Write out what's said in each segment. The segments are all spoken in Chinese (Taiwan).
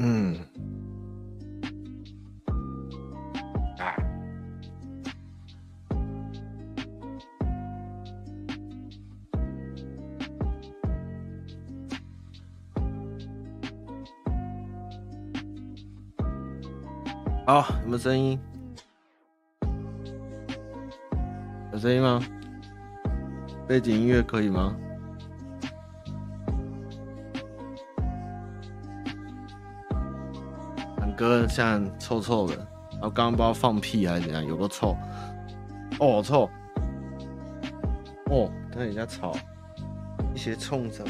嗯，好、哦，有沒有聲音？有聲音嗎？背景音樂可以嗎？哥像臭臭的，然後剛剛不知道放屁還是怎樣，有個臭，哦臭，哦，看、哦、人家吵，一些沖着，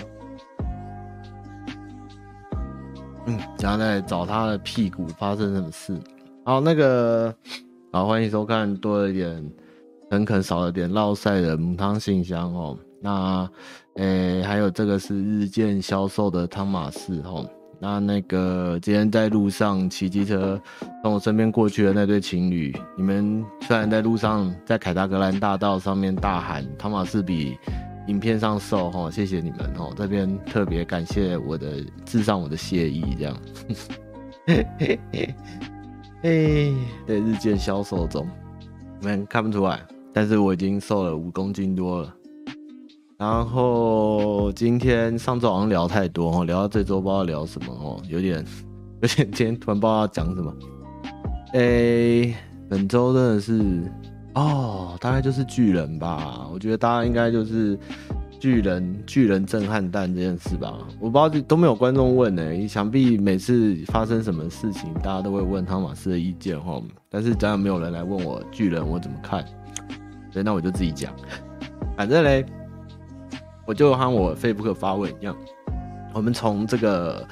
嗯，然後再找他的屁股發生什麼事。好、哦，那個，好、哦，歡迎收看，多了一點誠懇，肯肯少了一點嘮曬的姆湯信箱哦。那，哎、欸，還有這個是日漸消瘦的湯馬士哦。那那個今天在路上騎機車從我身邊過去的那對情侶，你們雖然在路上在凱達格蘭大道上面大喊“湯馬斯比影片上瘦哈、哦”，謝謝你們哦，這邊特別感謝我的致上我的謝意這樣。嘿，嘿嘿，對，日漸消瘦中，你們看不出來，但是我已經瘦了五公斤多了。然後今天上周好像聊太多哦，聊到這週不知道聊什麼哦，有點有點今天突然不知道要講什麼。哎，本周真的是哦，大概就是巨人吧。我覺得大家應該就是巨人，巨人震撼彈這件事吧。我不知道都沒有觀眾問呢、欸，想必每次發生什麼事情，大家都會問湯馬斯的意見哈。但是咱樣沒有人來問我巨人，我怎麼看？所以那我就自己講，反正嘞。我就和我 Facebook 發文一樣，我們從這個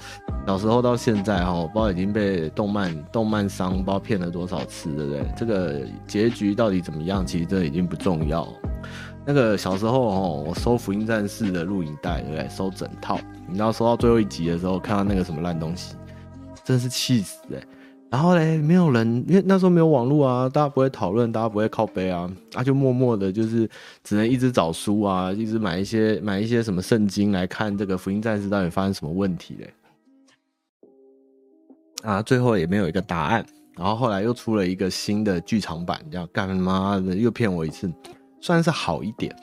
小時候到現在哈，不知道已經被動漫動漫商包騙了多少次，對不對？這個結局到底怎麼樣？其實這已經不重要。那個小時候哈，我收《福音戰士》的錄影帶，對不對？收整套，你知道收到最後一集的時候，看到那個什麼爛東西，真是氣死嘞、欸！然後嘞，沒有人，因為那時候沒有網絡啊，大家不會討論，大家不會靠杯啊，啊，就默默的，就是只能一直找書啊，一直買一些買一些什麼聖經來看這個《福音戰士》到底發生什麼問題嘞，啊，最後也沒有一個答案。然後後來又出了一個新的劇場版，叫“幹媽的”，又騙我一次，算是好一點。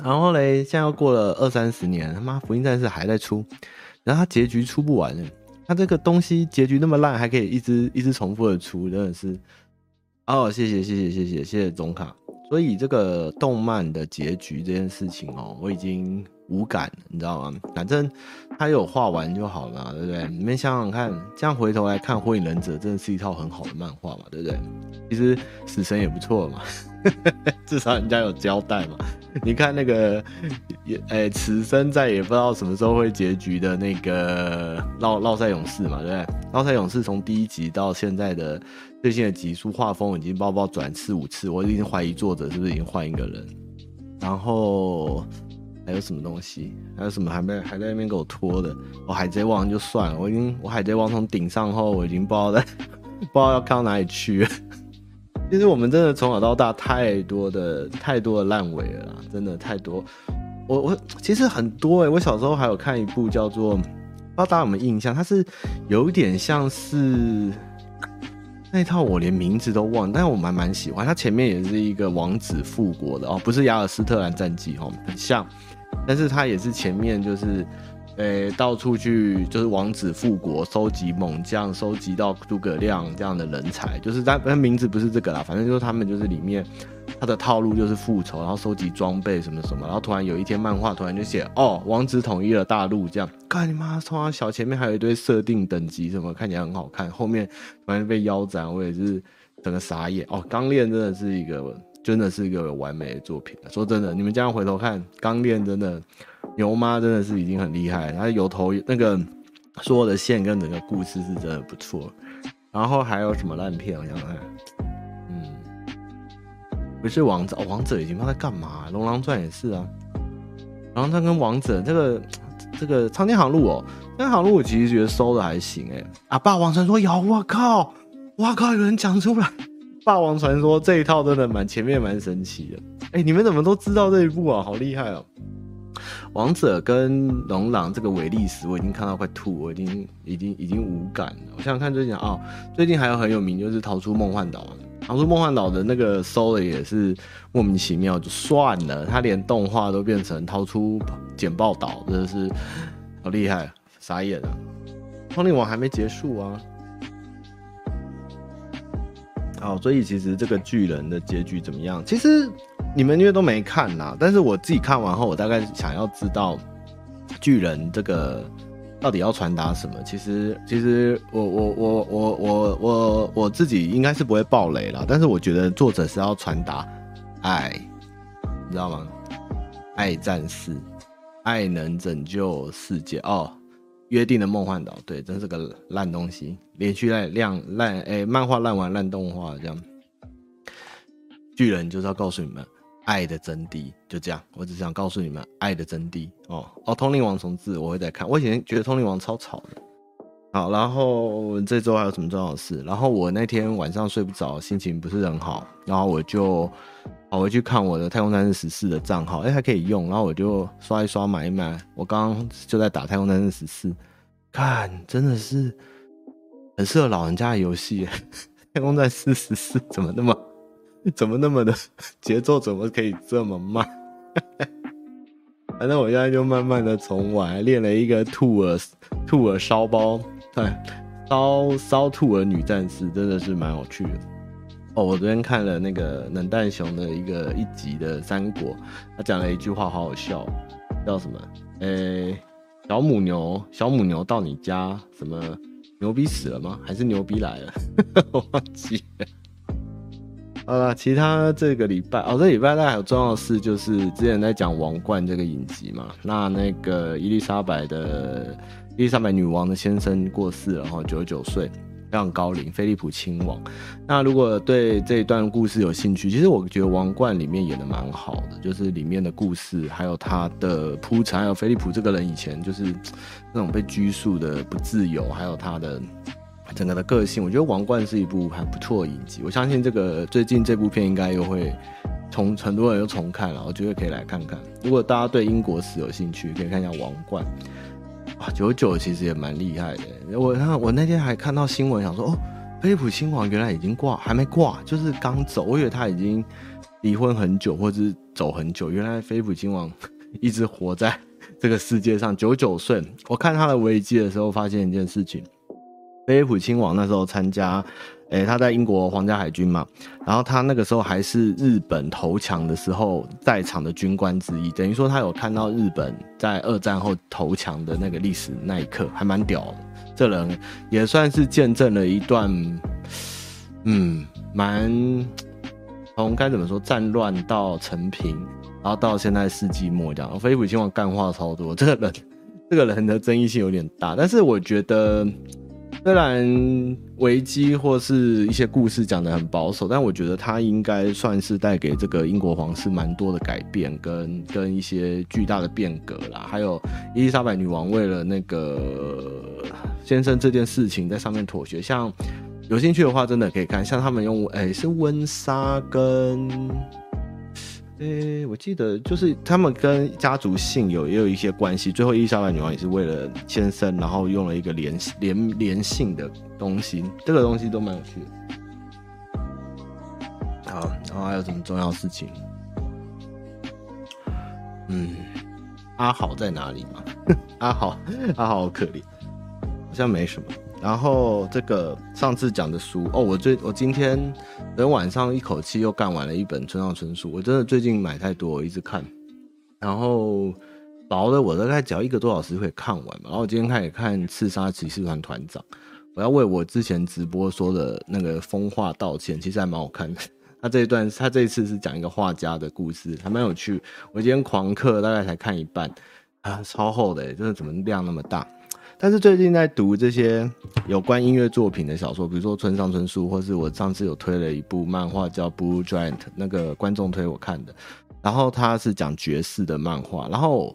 然後嘞，現在又過了二三十年，他媽《福音戰士》還在出，然後他結局出不完。他這個東西結局那麼爛，還可以一直一直重複的出，真的是，哦，謝謝謝謝謝謝謝謝總卡。所以這個動漫的結局這件事情哦，我已經無感了，你知道嗎？反正他有畫完就好了啊，對不對？你們想想看，這樣回頭來看《火影忍者》，真的是一套很好的漫畫嘛，對不對？其實《死神》也不錯嘛。 至少人家有交代嘛， 你看那個也哎，此、欸、生再也不知道什麼時候會結局的那個《烙烙賽勇士》嘛，對不對？《烙賽勇士》從第一集到現在的最新的集數，畫風已經不知道轉四五次，我已經懷疑作者是不是已經換一個人。然後還有什麼東西？還有什麼還沒還在那邊給我拖的？我《海賊王》就算了，我已經我《海賊王》從頂上後我已經不知道在不知道要看到哪裡去。其實我們真的從小到大太多的太多的爛尾了，真的太多。我我其實很多誒、欸、我小時候還有看一部叫做，不知道大家有沒有印象，它是有點像是那一套，我連名字都忘，但是我蠻蠻喜歡。它前面也是一個王子復國的哦，不是《亞爾斯特蘭戰記》哦，很像，但是它也是前面就是。誒、欸，到處去就是王子復國，收集猛將，收集到諸葛亮這樣的人才，就是但，但名字不是這個啦，反正就是他們就是裡面他的套路就是復仇，然後收集裝備什麼什麼，然後突然有一天漫畫突然就寫哦，王子統一了大陸，這樣幹你媽！從小前面還有一堆設定等級什麼，看起來很好看，後面突然被腰斬，我也是整個傻眼。哦，鋼煉真的是一個。真的是一個完美的作品，說真的，你們這樣回頭看《鋼鍊》真的牛媽真的是已經很厲害。他有頭那個說的線跟整個故事是真的不錯。然後還有什麼爛片？我想看，嗯，不是王者，哦，王者已經放在幹嘛？《龍狼傳》也是啊。然後他跟王者這個這個《蒼、這個、天航路》哦，《蒼天航路》我其實覺得收的還行哎。阿、啊、爸，王成說有，我靠，我靠，有人講出來。《霸王傳說》這一套真的蠻前面蠻神奇的，哎、欸，你們怎麼都知道這一部啊？好厲害哦！王者跟龍狼這個偽歷史我已經看到快吐，我已經已經已經無感了。我想想看最近啊、哦，最近還有很有名就是逃出夢幻島《逃出夢幻島》嘛，《逃出夢幻島》的那個 Solo 也是莫名其妙，就算了，他連動畫都變成《逃出簡報島》，真的是好厲害，傻眼了封歷網》王還沒結束啊。哦，所以其實這個巨人的結局怎麼樣？其實你們因為都沒看啦，但是我自己看完後，我大概想要知道巨人這個到底要傳達什麼。其實，其實我我我我我我我自己應該是不會爆雷啦，但是我覺得作者是要傳達愛，你知道嗎？愛戰士，愛能拯救世界哦。約定的夢幻島，對，真是個爛東西，連續爛亮爛哎，漫畫爛完爛動畫這樣，巨人就是要告訴你們愛的真諦，就這樣，我只想告訴你們愛的真諦哦哦，通靈王重置，我會再看，我以前覺得通靈王超吵的，好，然後這週還有什麼重要的事？然後我那天晚上睡不着，心情不是很好，然後我就。跑回去看我的《太空戰士十四》的賬號，哎、欸，還可以用，然後我就刷一刷，買一買。我剛剛就在打太空戰士十四，《太空戰士十四》，看真的是很適合老人家的遊戲，《太空戰士十四》怎麼那麼，怎麼那麼的節奏，怎麼可以這麼慢？反正我現在就慢慢的從玩，練了一個兔耳兔耳燒包，對，燒燒兔耳女戰士，真的是蠻有趣的。哦，我昨天看了那個冷淡熊的一個一集的《三國》，他講了一句話，好好笑，叫什麼？呃、欸，小母牛，小母牛到你家，什麼牛逼死了嗎？還是牛逼來了？我 忘記了。好了，其他這個禮拜，哦，這禮拜大家還有重要的事，就是之前在講王冠這個影集嘛。那那個伊麗莎白的，伊麗莎白女王的先生過世了，然後九十九歲。非常高齡，菲利普親王。那如果對這一段故事有興趣，其實我覺得《王冠》裡面演得蠻好的，就是裡面的故事，還有他的鋪陳，還有菲利普這個人以前就是那種被拘束的、不自由，還有他的整個的個性。我覺得《王冠》是一部還不錯的影集。我相信這個最近這部片應該又會從很多人又重看了，我覺得可以來看看。如果大家對英國史有興趣，可以看一下《王冠》。哇、哦，九九其實也蠻厲害的。我看我那天還看到新聞，想說哦，菲普親王原來已經掛，還沒掛，就是剛走。我以為他已經離婚很久，或者是走很久。原來菲普親王一直活在這個世界上，九九歲，我看他的維基的時候，發現一件事情：菲普親王那時候參加。誒、欸、他在英國皇家海軍嘛，然後他那個時候還是日本投降的時候在場的軍官之一，等於說他有看到日本在二戰後投降的那個歷史那一刻，還蠻屌的。這個、人也算是見證了一段，嗯，蠻從該怎麼說戰亂到成平，然後到現在世紀末這樣。哦、菲普親王幹話超多，這個人，這個人的爭議性有點大，但是我覺得。雖然維基或是一些故事講得很保守，但我覺得他應該算是帶給這個英國皇室蠻多的改變跟跟一些巨大的變革啦。還有伊麗莎白女王為了那個先生這件事情在上面妥協，像有興趣的話，真的可以看，像他們用誒、欸、是溫莎跟。呃、欸，我記得就是他們跟家族姓有也有一些關係。最後伊麗莎白女王也是為了牽生，然後用了一個聯聯聯姓的東西，這個東西都蠻有趣的。好、哦，然、哦、後還有什麼重要事情？嗯，阿豪在哪裡嗎？阿豪，阿豪可憐，好像沒什麼。然後這個上次講的書哦，我最我今天等晚上一口氣又幹完了一本村上春樹，我真的最近買太多，我一直看。然後薄的我都大概只要一個多小時可以看完嘛。然後我今天開始看《刺殺騎士團團長》，我要為我之前直播說的那個瘋話道歉。其實還蠻好看的。他這一段他這一次是講一個畫家的故事，還蠻有趣。我今天狂磕大概才看一半啊，超厚的誒，真的怎麼量那麼大？但是最近在讀這些有關音樂作品的小說，比如說村上春樹，或是我上次有推了一部漫畫叫《Blue Giant》，那個觀眾推我看的。然後他是講爵士的漫畫，然後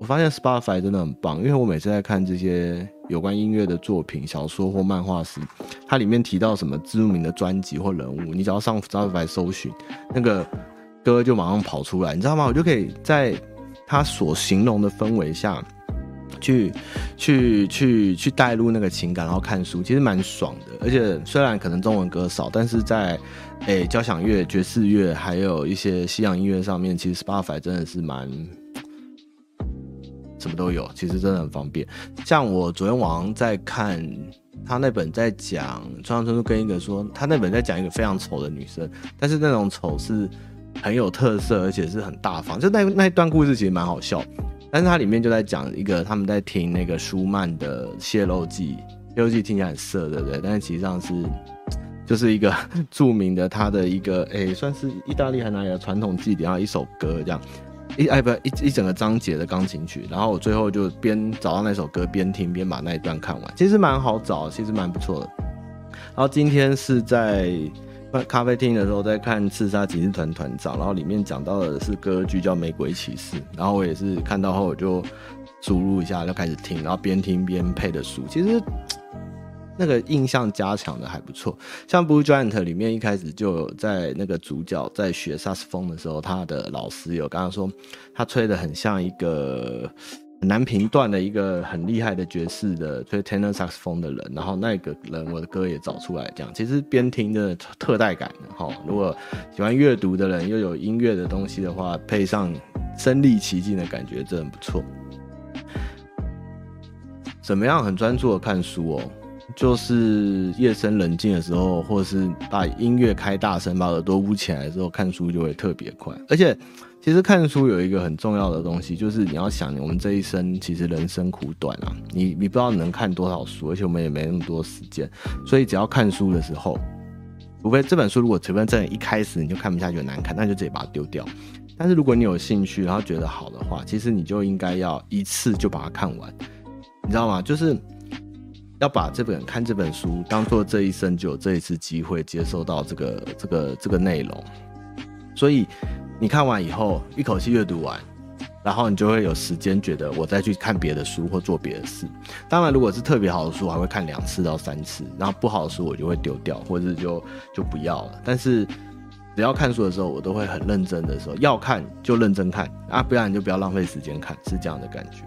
我發現 Spotify 真的很棒，因為我每次在看這些有關音樂的作品、小說或漫畫時，它裡面提到什麼知名的專輯或人物，你只要上 Spotify 搜尋，那個歌就馬上跑出來，你知道嗎？我就可以在他所形容的氛圍下。去去去去帶入那個情感，然後看書其實蠻爽的。而且雖然可能中文歌少，但是在誒、欸、交響樂、爵士樂，還有一些西洋音樂上面，其實 Spotify 真的是蠻什麼都有。其實真的很方便。像我昨天晚上在看他那本在，在講村上春樹跟一個說他那本在講一個非常醜的女生，但是那種醜是很有特色，而且是很大方。就那那一段故事其實蠻好笑。但是它裡面就在講一個，他們在聽那個舒曼的《謝肉祭》，《謝肉祭》聽起來很色，對不對？但是其實際上是，就是一個 著名的他的一個，誒、欸，算是意大利還哪裡的、啊、傳統祭典，然後一首歌這樣，一哎不一一整個章節的鋼琴曲。然後我最後就邊找到那首歌，邊聽邊把那一段看完，其實蠻好找，其實蠻不錯的。然後今天是在，咖啡廳的時候，在看《刺殺騎士團長》，然後裡面講到的是歌劇叫《玫瑰騎士》，然後我也是看到後我就輸入一下，就開始聽，然後邊聽邊配的書，其實那個印象加強的還不錯。像《Blue Giant》裡面一開始就有在那個主角在學薩克斯風的時候，他的老師有剛剛說他吹的很像一個。南平段的一個很厲害的爵士的，吹、就是、tenor sax 風的人，然後那個人我的歌也找出來講，這樣其實邊聽的特帶感。如果喜歡閱讀的人又有音樂的東西的話，配上身歷其境的感覺，真的很不錯。怎麼樣很專注的看書哦？就是夜深人靜的時候，或者是把音樂開大聲，把耳朵捂起來之後，看書就會特別快，而且。其實看書有一個很重要的東西，就是你要想，我們這一生其實人生苦短啊，你你不知道能看多少書，而且我們也沒那麼多時間，所以只要看書的時候，除非這本書如果隨便在一開始你就看不下去很難看，那就直接把它丟掉。但是如果你有興趣，然後覺得好的話，其實你就應該要一次就把它看完，你知道嗎？就是要把這本看這本書當做這一生就有這一次機會接收到這個這個這個內容，所以。你看完以後，一口氣閱讀完，然後你就會有時間覺得我再去看別的書或做別的事。當然，如果是特別好的書，我還會看兩次到三次。然後不好的書我就會丟掉，或者是就就不要了。但是只要看書的時候，我都會很認真的說，要看就認真看啊，不然你就不要浪費時間看，是這樣的感覺。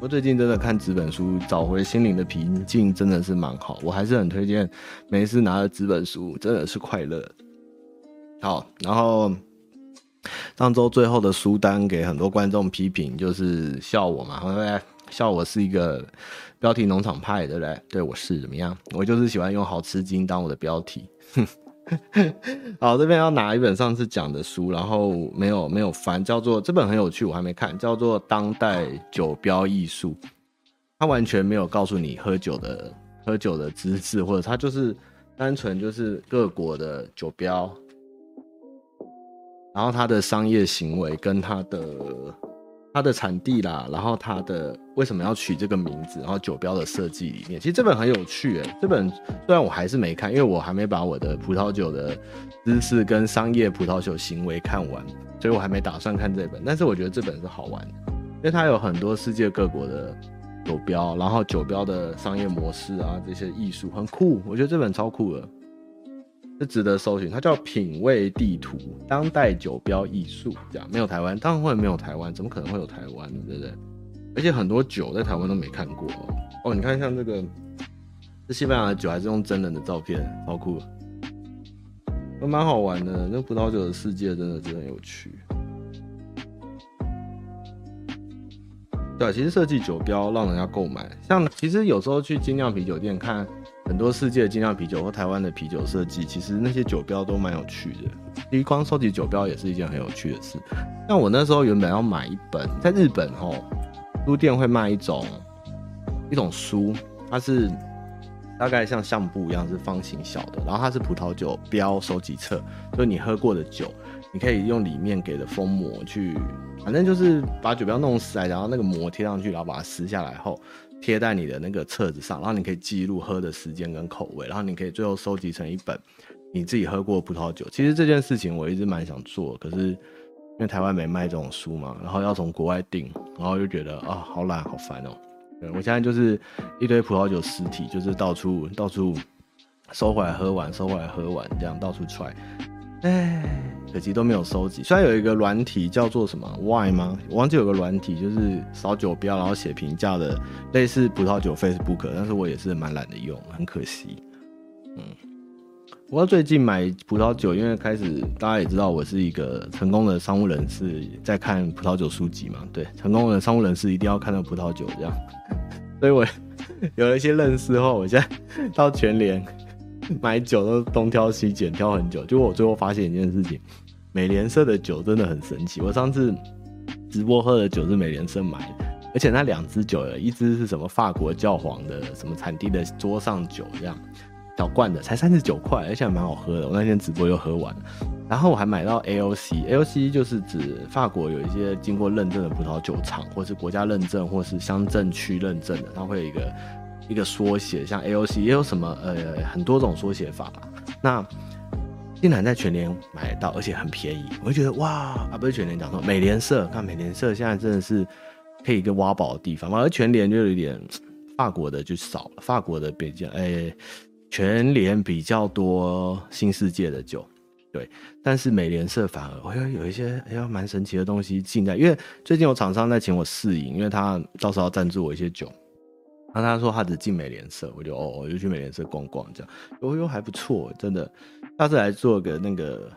我最近真的看紙本書，找回心靈的平靜，真的是蠻好。我還是很推薦，每次拿着紙本書，真的是快樂。好，然後。上週最後的書單給很多觀眾批評，就是笑我嘛，笑我是一個標題農場派的嘞。對，對，對我是怎麼樣？我就是喜歡用好吃驚當我的標題。 好，這邊要拿一本上次講的書，然後沒有沒有翻，叫做這本很有趣，我還沒看，叫做《當代酒標藝術》。它完全沒有告訴你喝酒的喝酒的姿勢，或者它就是單純就是各國的酒標。然後它的商業行為跟它的它的產地啦，然後它的為什麼要取這個名字，然後酒標的設計裡面，其實這本很有趣誒。這本雖然我還是沒看，因為我還沒把我的葡萄酒的知識跟商業葡萄酒行為看完，所以我還沒打算看這本。但是我覺得這本是好玩的，因為它有很多世界各國的酒標，然後酒標的商業模式啊，這些藝術很酷，我覺得這本超酷的。是值得搜尋，它叫《品味地圖：當代酒標藝術》這樣，沒有台灣，當然會沒有台灣，怎麼可能會有台灣呢？對不對？而且很多酒在台灣都沒看過哦。你看，像這個是西班牙的酒，還是用真人的照片，超酷，都蠻好玩的。那葡萄酒的世界真的真的很有趣。對，其實設計酒標讓人家購買，像其實有時候去精釀啤酒店看。很多世界的精釀啤酒或台灣的啤酒設計，其實那些酒標都蠻有趣的。其實光收集酒標也是一件很有趣的事。像我那時候原本要買一本，在日本吼、喔，書店會賣一種一種書，它是大概像相簿一樣是方形小的，然後它是葡萄酒標收集冊，就你喝過的酒，你可以用裡面給的封膜去，反正就是把酒標弄下來，然後那個膜貼上去，然後把它撕下來後。貼在你的那個冊子上，然後你可以記錄喝的時間跟口味，然後你可以最後收集成一本你自己喝過的葡萄酒。其實這件事情我一直蠻想做，可是因為台灣沒賣這種書嘛，然後要從國外訂，然後就覺得啊好懶好煩哦、喔。對我現在就是一堆葡萄酒屍體，就是到處到處收回來喝完，收回來喝完這樣到處踹。哎，可惜都沒有收集。雖然有一個軟體叫做什麼 Y 嗎？我忘記有個軟體就是掃酒標，然後寫評價的，類似葡萄酒 Facebook，但是我也是蠻懶得用，很可惜。嗯，我最近買葡萄酒，因為開始大家也知道我是一個成功的商務人士，在看葡萄酒書籍嘛。對，成功的商務人士一定要看到葡萄酒這樣。所以我 有了一些認識後，我現在 到全聯。買酒都東挑西揀，挑很久。結果我最後發現一件事情，美聯社的酒真的很神奇。我上次直播喝的酒是美聯社買的，而且那兩支酒了，一支是什麼法國教皇的，什麼產地的桌上酒，這樣小罐的，才三十九塊，而且還蠻好喝的。我那天直播又喝完了，然後我還買到 AOC，AOC AOC 就是指法國有一些經過認證的葡萄酒廠，或是國家認證，或是鄉鎮區認證的，它會有一個。一個縮寫，像 AOC 也有什麼呃，很多種縮寫法。那竟然在全聯買到，而且很便宜，我就覺得哇啊，不是全聯講錯，美廉社，看美廉社現在真的是可以一個挖寶的地方嘛，反而全聯就有點法國的就少了，法國的比較哎，全聯比較多新世界的酒，對，但是美廉社反而我又、哎、有一些哎呀蠻神奇的東西進在，因為最近有廠商在請我試飲，因為他到時候要贊助我一些酒。那、啊、他說他只進美聯社，我就哦哦，就、哦、去美聯社逛逛，這樣，哦，喲還不錯，真的。下次來做個那個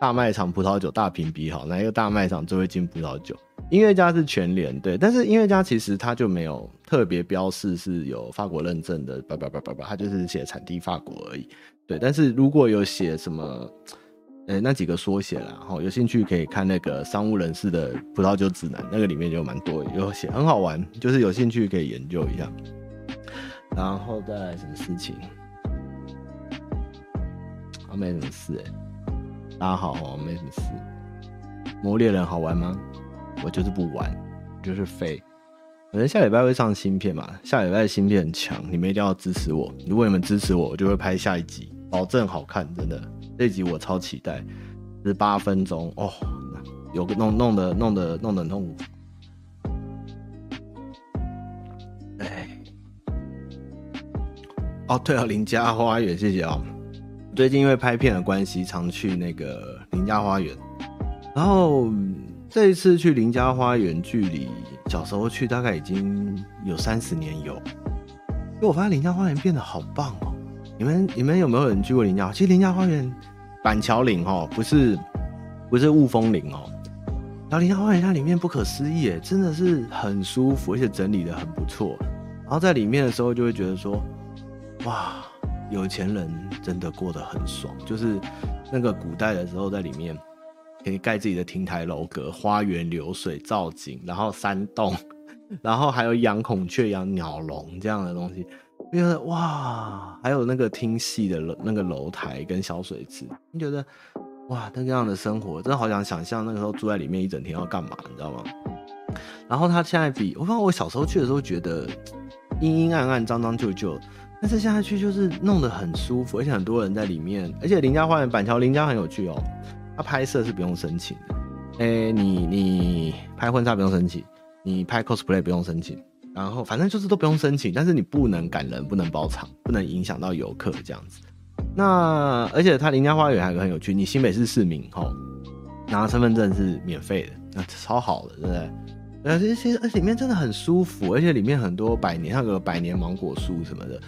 大賣場葡萄酒大評比好。哪一個大賣場就會進葡萄酒？音樂家是全聯對，但是音樂家其實他就沒有特別標示是有法國認證的，他就是寫產地法國而已。對，但是如果有寫什麼。呃、欸，那幾個縮寫了，然後有興趣可以看那個商務人士的葡萄酒指南，那個裡面就蠻多的，有寫很好玩，就是有興趣可以研究一下。然後再來什麼事情？啊，沒什麼事、欸。大家好哦，沒什麼事。魔獵人好玩嗎？我就是不玩，就是廢。反正下禮拜會上新片嘛，下禮拜新片很強，你們一定要支持我。如果你們支持我，我就會拍下一集，保證好看，真的。這集我超期待，十八分鐘哦，有個弄弄的弄的弄的弄，哎，哦對了、哦，林家花園，謝謝哦。最近因為拍片的關係，常去那個林家花園，然後這一次去林家花園，距離小時候去大概已經有三十年有，因為我發現林家花園變得好棒哦。你們你們有沒有人去過林家？其實林家花園，板橋林哦，不是不是霧峰林哦。然後林家花園，它裡面不可思議，真的是很舒服，而且整理的很不錯。然後在裡面的時候，就會覺得說，哇，有錢人真的過得很爽。就是那個古代的時候，在裡面可以蓋自己的亭台樓閣、花園流水造景，然後山洞，然後還有養孔雀、養鳥籠這樣的東西。哇，還有那個聽戲的樓那個樓台跟小水池，你覺得哇，那這樣的生活真的好想想象。那個時候住在裡面一整天要幹嘛，你知道嗎？然後他現在比我發現我小時候去的時候覺得陰陰暗暗、髒髒舊舊，但是現在去就是弄得很舒服，而且很多人在裡面。而且林家花園板橋林家很有趣哦，他拍攝是不用申請的。哎、欸，你你拍婚紗不用申請，你拍 cosplay 不用申請。然後反正就是都不用申請，但是你不能趕人，不能包場，不能影響到遊客這樣子。那而且他林家花園還有個很有趣，你新北市市民吼，拿身份證是免費的，那超好的，對不對？而且而且裡面真的很舒服，而且裡面很多百年那個百年芒果樹什麼的。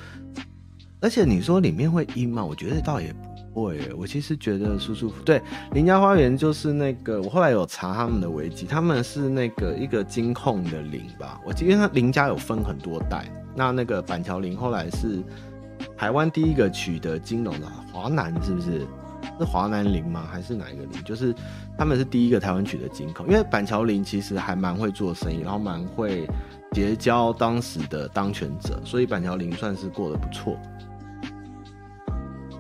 而且你說裡面會陰嗎？我覺得倒也不。我其實覺得舒舒服。對，林家花園就是那個，我後來有查他們的維基，他們是那個一個金控的林吧。我記因為他林家有分很多代，那那個板橋林後來是台灣第一個取得金融的，華南是不是？是華南林嗎？還是哪一個林？就是他們是第一個台灣取得金控，因為板橋林其實還蠻會做生意，然後蠻會結交當時的當權者，所以板橋林算是過得不錯。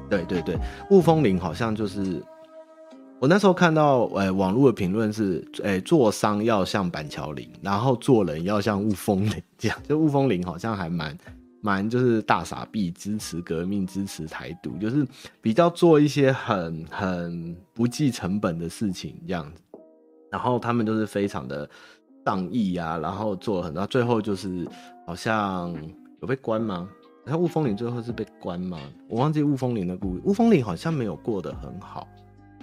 對對對，霧峰林好像就是我那時候看到呃、欸、網絡的評論是，誒、欸、做商要像板橋林，然後做人要像霧峰林這樣，就霧峰林好像還蠻蠻就是大撒幣，支持革命，支持台獨，就是比較做一些很很不計成本的事情這樣，然後他們就是非常的仗義啊，然後做了很多，最後就是好像有被關嗎？它、啊、霧峰林最後是被關嗎？我忘記霧峰林的故事。霧峰林好像沒有過得很好，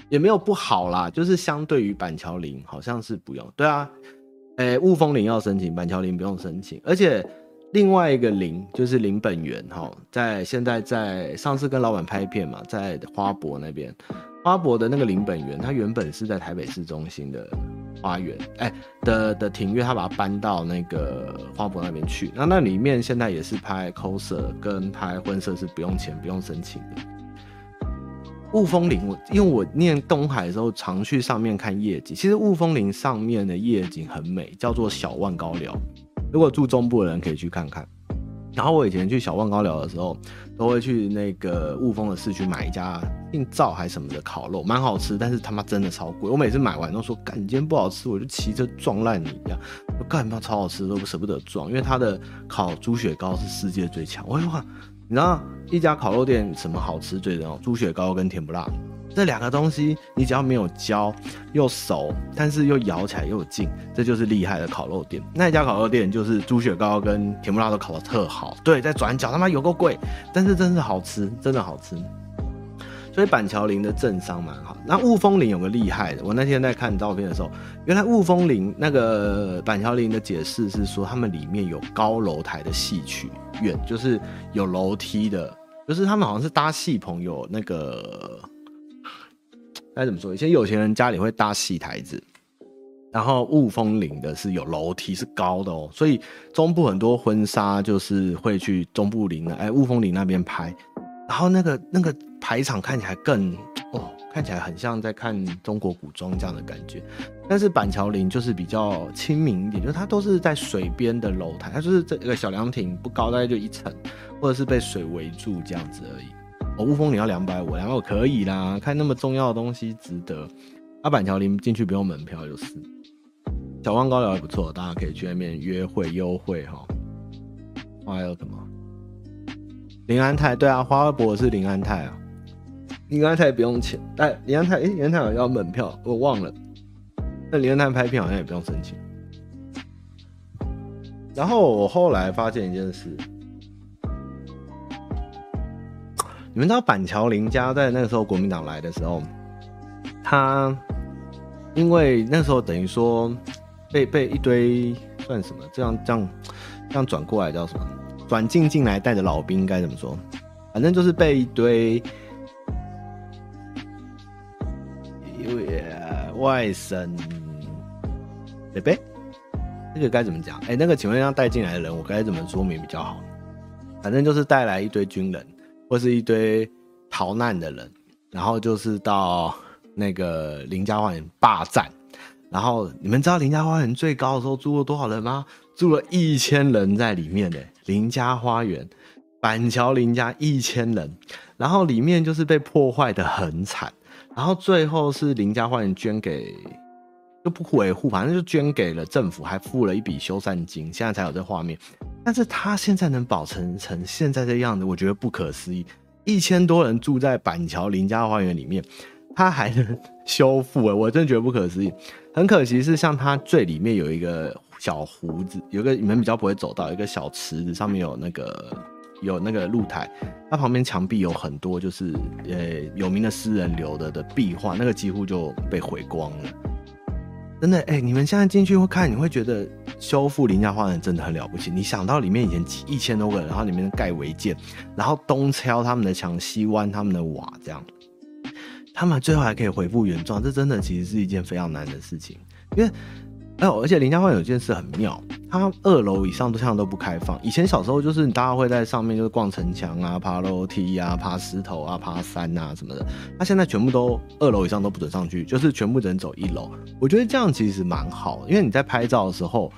也沒有不好啦，就是相對於板橋林，好像是不用。對啊，誒，霧峰林要申請，板橋林不用申請。而且另外一個林就是林本源，哈，在現在在上次跟老板拍片嘛，在花博那邊，花博的那個林本源，他原本是在台北市中心的。花園哎、欸、的的庭院，他把它搬到那個花博那邊去。那那裡面現在也是拍 coser 跟拍婚攝是不用錢、不用申請的。霧峰林，我因為我念東海的時候，常去上面看夜景。其實霧峰林上面的夜景很美，叫做小萬高寮。如果住中部的人可以去看看。然後我以前去小萬高寮的時候，都會去那個霧峰的市區買一家硬灶還是什麼的烤肉，蠻好吃，但是他媽真的超貴。我每次買完都說：“感覺不好吃，我就騎車撞爛你一樣。”我幹嘛超好吃，都不舍不得撞，因為他的烤豬血糕是世界最強。哇、哎，你知道啊，一家烤肉店什麼好吃最重要？豬血糕跟甜不辣。這兩個東西，你只要沒有焦，又熟，但是又咬起來又勁，這就是厲害的烤肉店。那一家烤肉店就是豬血糕跟甜不辣都烤得特好。對，在轉角他媽有夠貴，但是真的是好吃，真的好吃。所以板橋林的政商蠻好。那霧峰林有個厲害的，我那天在看照片的時候，原來霧峰林那個板橋林的解釋是說，他們裡面有高樓台的戲曲院，就是有樓梯的，就是他們好像是搭戲棚有那個。該怎麼說？以前有錢人家裡會搭戲台子，然後霧峰林的是有樓梯，是高的哦。所以中部很多婚紗就是會去中部林的，哎，霧峰林那邊拍，然後那個那個排場看起來更哦，看起來很像在看中國古裝這樣的感覺。但是板橋林就是比較親民一點，就是它都是在水邊的樓台，它就是這個小涼亭不高，大概就一層，或者是被水圍住這樣子而已。霧、哦、峰你要兩百五，兩百五可以啦。看那麼重要的東西，值得。阿板橋林進去不用門票，就是小灣高寮也不錯，大家可以去那邊約會、優惠哈、哦。還有什麼？林安泰對啊，花博是林安泰啊。林安泰不用錢，哎，林安泰，誒林安泰好像要門票，我忘了。那林安泰拍片好像也不用申請。然後我後來發現一件事。你們知道板橋林家在那個時候國民黨來的時候，他因為那時候等於說被被一堆算什麼這樣這樣這樣轉過來叫什麼轉進進來帶着老兵該怎麼說？反正就是被一堆因為、哎、外省，伯、哎、伯，這、那個該怎麼講？哎、欸，那個請問要帶進來的人我該怎麼說明比較好？反正就是帶來一堆軍人。或是一堆逃難的人，然後就是到那個林家花園霸占，然後你們知道林家花園最高的時候住了多少人嗎？住了一千人在裡面的林家花園，板橋林家一千人，然後裡面就是被破壞得很慘，然後最後是林家花園捐給。就不維護，反正就捐給了政府，還付了一筆修繕金，現在才有這畫面。但是他現在能保存成現在這樣子，我覺得不可思議。一千多人住在板橋林家花園裡面，他還能修復，欸，我真的覺得不可思議。很可惜是，像他最裡面有一個小湖子，有個你們比較不會走到，有一個小池子，上面有那個有那個露台，他旁邊牆壁有很多就是呃有名的詩人留的的壁畫，那個幾乎就被毀光了。真的，哎、欸，你們現在進去會看，你會覺得修復林家花園真的很了不起。你想到裡面以前一千多個人，然後裡面蓋違建，然後東敲他們的牆，西彎他們的瓦，這樣，他們最後還可以回復原狀，這真的其實是一件非常難的事情，因為。哎，而且林家花園有件事很妙，它二樓以上都像都不開放。以前小時候就是你大家會在上面就是逛城牆啊、爬樓梯啊、爬石頭啊、爬山啊什麼的。他現在全部都二樓以上都不准上去，就是全部只能走一樓。我覺得這樣其實蠻好，因為你在拍照的時候。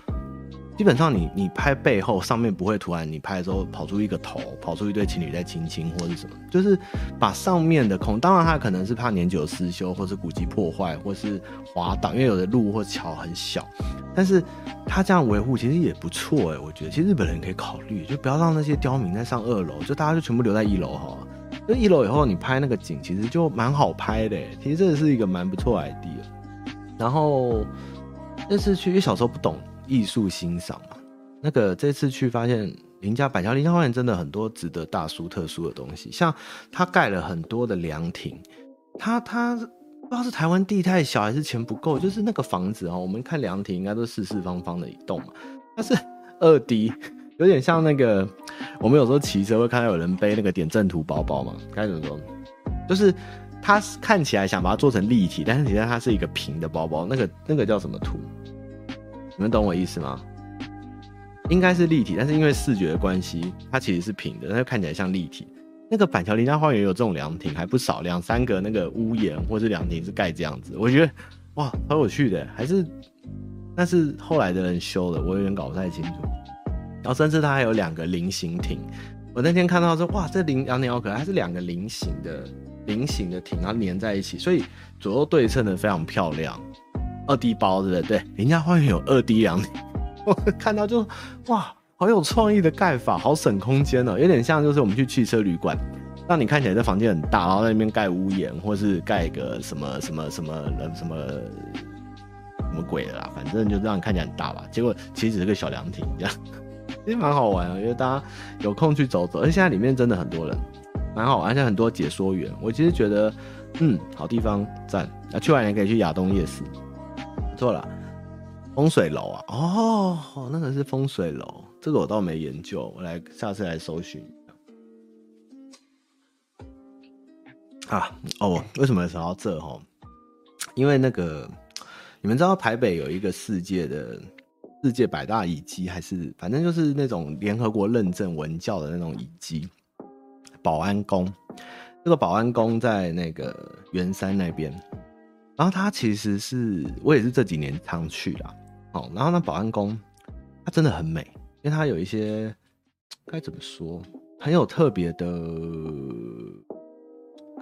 基本上你你拍背後上面不會突然，你拍的時候跑出一個頭，跑出一對情侶在親親，或是什麼，就是把上面的空，當然他可能是怕年久失修或是古蹟破壞或是滑檔，因為有的路或橋很小，但是他這樣維護其實也不錯哎，我覺得其實日本人可以考慮，就不要讓那些刁民再上二樓，就大家就全部留在一樓好了。就一樓以後你拍那個景其實就蠻好拍的，其實這是一個蠻不錯 idea，然後但、就是去，因為小時候不懂。藝術欣賞嘛，那個這次去發現林家板橋，林家花園真的很多值得大書特書的東西。像他蓋了很多的涼亭，他他不知道是台灣地太小還是錢不夠，就是那個房子哦。我們看涼亭應該都四四方方的一棟嘛，但是二 D，有點像那個我們有時候騎車會看到有人背那個點陣圖包包嘛。該怎麼說？就是它看起來想把它做成立體，但是你看它是一個平的包包，那個那個叫什麼圖？你們懂我意思嗎？應該是立體，但是因為視覺的關係，它其實是平的，但是看起來像立體。那個板橋林家花園有這種涼亭，還不少量，兩三個那個屋檐或是涼亭是蓋這樣子，我覺得哇，好有趣的，還是，但是後來的人修的，我有點搞不太清楚。然後甚至它還有兩個菱形亭，我那天看到說哇，這菱形亭好可愛，它是兩個菱形的菱形的亭，然後連在一起，所以左右對稱的非常漂亮。二 D 包，對不對？對，林家花園有二 D 涼亭，我看到就哇，好有創意的蓋法，好省空間哦、喔。有點像就是我們去汽車旅館，讓你看起來這房間很大，然後在那邊蓋屋檐或是蓋個什麼什麼什麼人什麼什麼鬼的啦，反正就讓你看起來很大吧。結果其實只是個小涼亭，這樣其實蠻好玩啊，因為大家有空去走走，而且現在裡面真的很多人，蠻好玩，而且很多解說員，我其實覺得嗯，好地方贊。啊去完也可以去亞東夜市。錯了，風水樓啊！哦，那個是風水樓，這個我倒沒研究，我來下次來搜尋。啊，哦，為什麼想到這？哦，因為那個你們知道，台北有一個世界的世界百大遺跡，還是反正就是那種聯合國認證文教的那種遺跡，保安宮。這個保安宮在那個圓山那邊。然後他其實是我也是這幾年常去啦，哦，然後那保安宮，它真的很美，因為它有一些該怎麼說，很有特別的，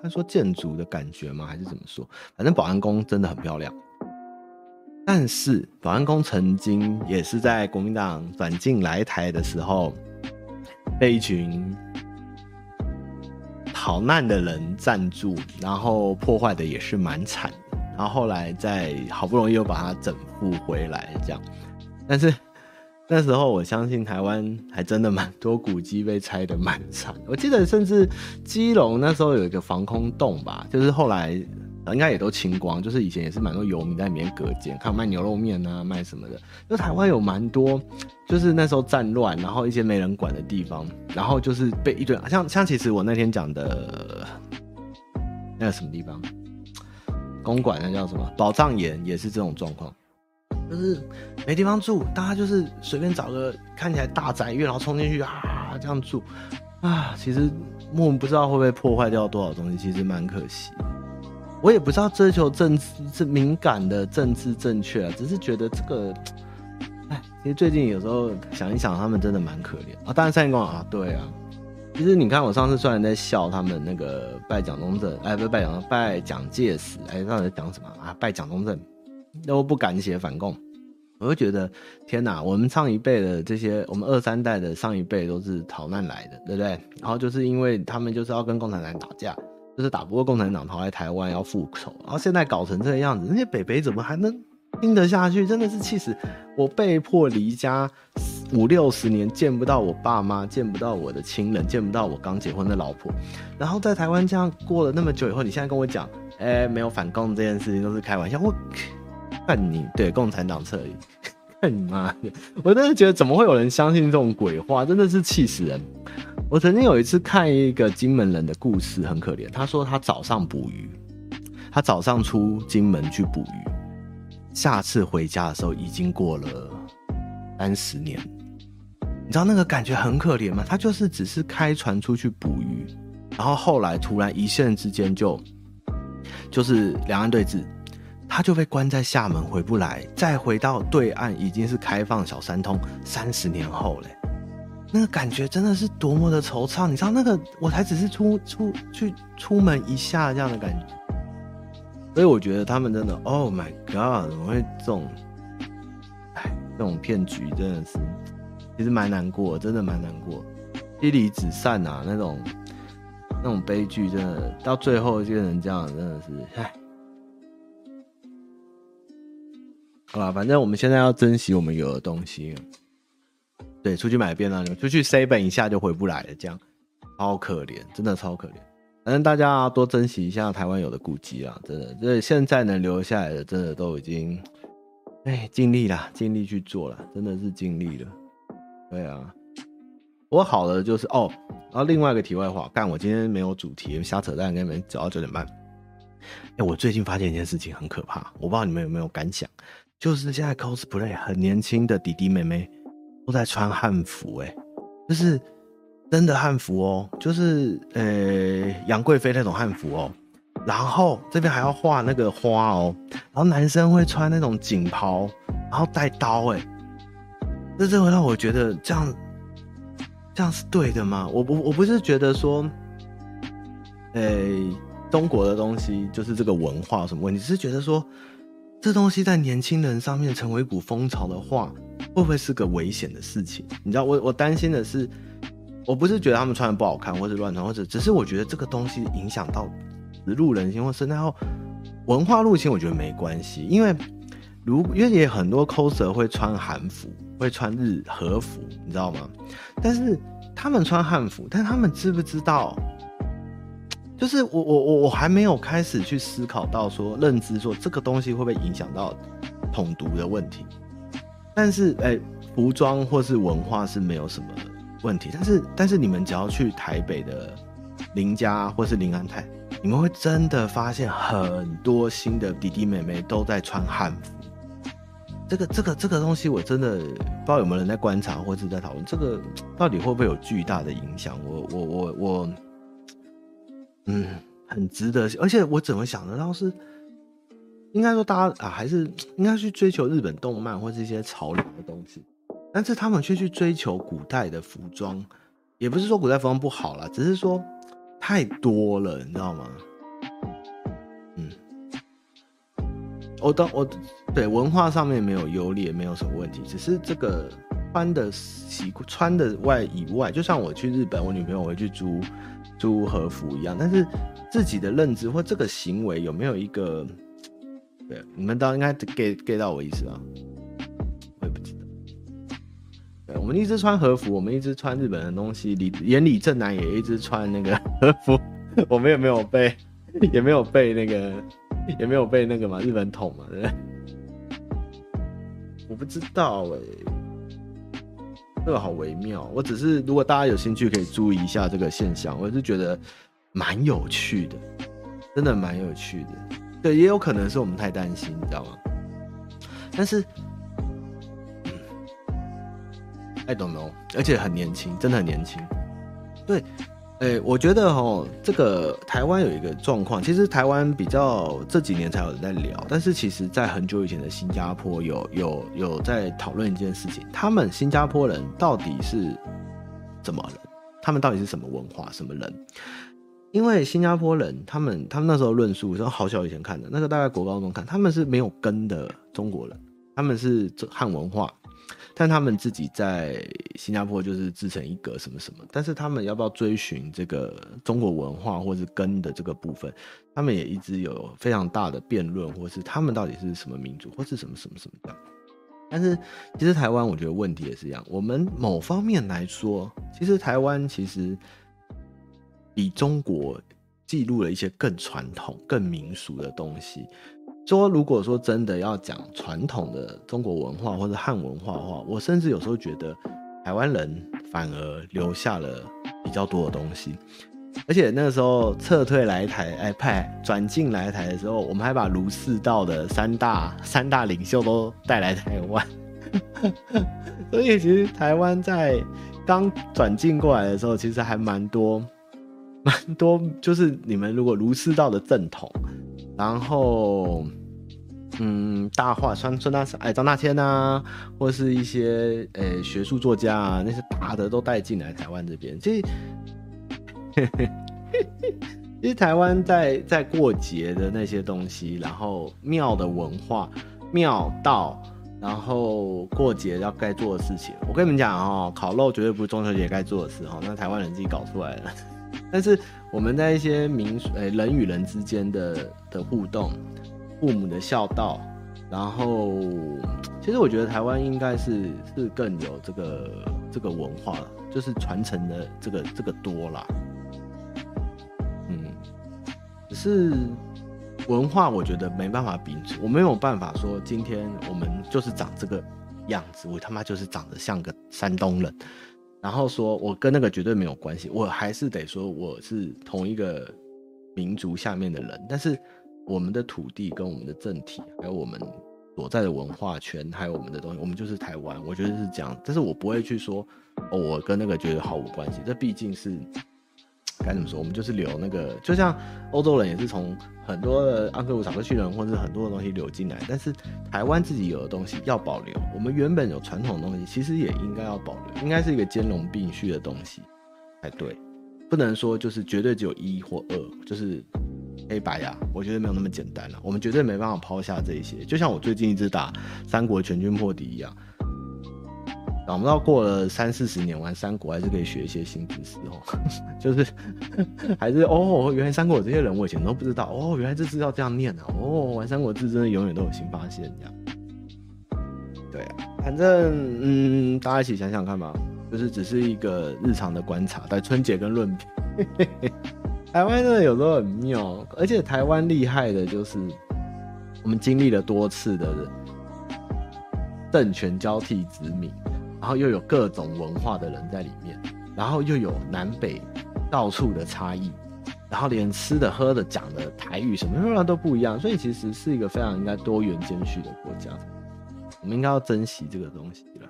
該說建築的感覺嗎？還是怎麼說？反正保安宮真的很漂亮。但是保安宮曾經也是在國民黨轉進來台的時候，被一群逃難的人占住，然後破壞的也是蠻慘的。然後後來再好不容易又把它整復回來這樣，但是那時候我相信台灣還真的蠻多古蹟被拆的蠻慘。我記得甚至基隆那時候有一個防空洞吧，就是後來，啊，應該也都清光，就是以前也是蠻多遊民在裡面隔間，看賣牛肉麵啊賣什麼的。因為台灣有蠻多，就是那時候戰亂，然後一些沒人管的地方，然後就是被一堆像像其實我那天講的，那個什麼地方？公館那、啊、叫什麼？寶藏巖也是這種狀況，就是沒地方住，大家就是隨便找個看起來大宅院，然後衝進去啊這樣住啊，其實我們不知道會被破壞掉多少東西，其實蠻可惜。我也不知道追求政治這敏感的政治正確，啊，只是覺得這個，哎，其實最近有時候想一想，他們真的蠻可憐啊。當然三義公啊，對啊。其實你看，我上次雖然在笑他們那個拜蔣中正，哎，不是，拜蔣，拜蔣介石，哎，上次講什麼啊？拜蔣中正，都不敢寫反共，我就覺得天哪，我們上一輩的這些，我們二三代的上一輩都是逃難來的，對不對？然後就是因為他們就是要跟共產黨打架，就是打不過共產黨逃來台灣要復仇，然後現在搞成這個樣子，人家北北怎麼還能聽得下去？真的是氣死！我被迫離家。五六十年見不到我爸媽，見不到我的親人，見不到我剛結婚的老婆，然後在台灣這樣過了那麼久以後，你現在跟我講，哎、欸，沒有反共這件事情都是開玩笑，我，看你對共產黨徹底，看你媽的，我真的覺得怎麼會有人相信這種鬼話，真的是氣死人。我曾經有一次看一個金門人的故事，很可憐。他說他早上捕魚，他早上出金門去捕魚，下次回家的時候已經過了三十年。你知道那個感覺很可憐嗎？他就是只是開船出去捕魚，然後後來突然一線之間就就是兩岸對峙，他就被關在廈門回不來，再回到對岸已經是開放小三通三十年後嘞，那個感覺真的是多麼的惆悵。你知道那個我才只是出出，出去出門一下這樣的感覺，所以我覺得他們真的，Oh my God，怎麼會這種。哎，這種騙局真的是。其實蠻難過，真的蠻難過，妻離子散啊，那種那種悲劇，真的到最後就人這樣，真的是哎，好吧，反正我們現在要珍惜我們有的東西，對，出去買便當，出去 save 一下就回不來了，這樣超可憐，真的超可憐。反正大家要多珍惜一下台灣有的古蹟啊，真的，這現在能留下來的，真的都已經，哎，盡力了，盡力去做了，真的是盡力了。對啊，我好了就是哦，然後另外一個題外話，但我今天沒有主題，瞎扯淡跟你們走到九點半。哎、欸，我最近發現一件事情很可怕，我不知道你們有沒有感想，就是現在 cosplay 很年輕的弟弟妹妹都在穿漢服、欸，哎，就是真的漢服哦，就是呃楊貴妃那種漢服哦，然後這邊還要畫那個花哦，然後男生會穿那種錦袍，然後帶刀哎、欸。這這會讓我覺得這樣，這樣是對的嗎？我不我不是覺得說，誒、欸，中國的東西就是這個文化什麼問題？我只是覺得說，這東西在年輕人上面成為一股風潮的話，會不會是個危險的事情？你知道，我我擔心的是，我不是覺得他們穿的不好看，或者亂穿，或者只是我覺得這個東西影響到，入人心，或是生態後文化入侵，我覺得沒關係，因為。如因為也很多 coser 會穿韓服，會穿日和服，你知道嗎？但是他們穿漢服，但他們知不知道？就是我我我我還沒有開始去思考到說認知說這個東西會不會影響到統獨的問題。但是哎、欸，服裝或是文化是沒有什麼問題。但是但是你們只要去台北的林家或是林安泰，你們會真的發現很多新的弟弟妹妹都在穿漢服。這個這個這個東西我真的不知道有沒有人在觀察或是在討論，這個到底會不會有巨大的影響？我我我我，嗯，很值得。而且我怎麼想的倒是，應該說大家啊還是應該去追求日本動漫或是一些潮流的東西，但是他們卻去追求古代的服裝，也不是說古代服裝不好啦，只是說太多了，你知道嗎？我當我對文化上面沒有優劣，沒有什麼問題，只是這個穿的習慣穿的外以外，就像我去日本，我女朋友回去租租和服一樣。但是自己的認知或這個行為有沒有一個，對你們都應該 get get 到我意思啊？我也不知道。對，我們一直穿和服，我們一直穿日本的東西，李演李正男也一直穿那個和服， 我們也沒有被也沒有被那個。也沒有被那個嘛？日本捅嘛？對，我不知道誒、欸，這個好微妙。我只是如果大家有興趣，可以注意一下這個現象，我就覺得蠻有趣的，真的蠻有趣的。對，也有可能是我們太擔心，你知道嗎？但是，I don't know，而且很年輕，真的很年輕，對。哎、欸，我覺得齁，這個台灣有一個狀況，其實台灣比較這幾年才有人在聊，但是其實在很久以前的新加坡有有有在討論一件事情，他們新加坡人到底是怎麼人，他們到底是什麼文化，什麼人？因為新加坡人，他們他們那時候論述，就好小以前看的那個，大概國高中看，他們是沒有根的中國人，他們是漢文化。但他們自己在新加坡就是自成一格，什麼什麼。但是他們要不要追尋這個中國文化或是根的這個部分，他們也一直有非常大的辯論，或是他們到底是什麼民族或是什麼什麼什麼的。但是其實台灣，我覺得問題也是一樣。我們某方面來說，其實台灣其實比中國記錄了一些更傳統、更民俗的東西。就是、說如果說真的要講傳統的中國文化，或者漢文化的話，我甚至有時候覺得台灣人反而留下了比較多的東西。而且那個時候撤退來台，哎，派轉進來台的時候，我們還把儒釋道的三大三大領袖都帶來台灣。 所以其實台灣在剛轉進過來的時候，其實還蠻多蠻多，蠻多就是你們如果儒釋道的正統。然後，嗯，大話孫孫大，哎，張大千吶，或是一些誒學術作家啊，那些大的都帶進來台灣這邊。其實，呵呵其實台灣在在過節的那些東西，然後廟的文化、廟道，然後過節要該做的事情，我跟你們講啊、哦，烤肉絕對不是中秋節該做的事哦。那台灣人自己搞出來的，但是我們在一些民俗誒人與人之間的。的互動，父母的孝道，然後其實我覺得台灣應該是是更有這個這個文化了，就是傳承的這個這個多啦。嗯，只是文化，我覺得沒辦法比，我沒有辦法說今天我們就是長這個樣子，我他媽就是長得像個山東人，然後說我跟那個絕對沒有關係，我還是得說我是同一個民族下面的人，但是。我們的土地跟我們的政體，還有我們所在的文化圈，還有我們的東西，我們就是台灣。我覺得是這樣，但是我不會去說、哦，我跟那個覺得毫無關係。這畢竟是該怎麼說，我們就是留那個，就像歐洲人也是從很多的盎格魯撒克遜人，或者是很多的東西流進來，但是台灣自己有的東西要保留。我們原本有傳統的東西，其實也應該要保留，應該是一個兼容並蓄的東西才對，不能說就是絕對只有一或二，就是。黑、hey, 白呀，啊，我覺得沒有那麼簡單了。我們絕對沒辦法拋下這一些。就像我最近一直打三國全軍破敵一樣，想不到過了三四十年玩三國還是可以學一些新知識哦。就是還是哦，原來三國有這些人，我以前都不知道哦，原來這字要這樣念啊哦，玩三國志》真的永遠都有新發現這樣。對啊，反正嗯，大家一起想想看吧。就是只是一個日常的觀察，在春節跟論評。嘿嘿嘿台灣真的有時候很妙，而且台灣厲害的就是，我們經歷了多次的人政權交替、殖民，然後又有各種文化的人在裡面，然後又有南北到處的差異，然後連吃的、喝的、講的台語什麼什麼都不一樣，所以其實是一個非常應該多元兼蓄的國家。我們應該要珍惜這個東西了。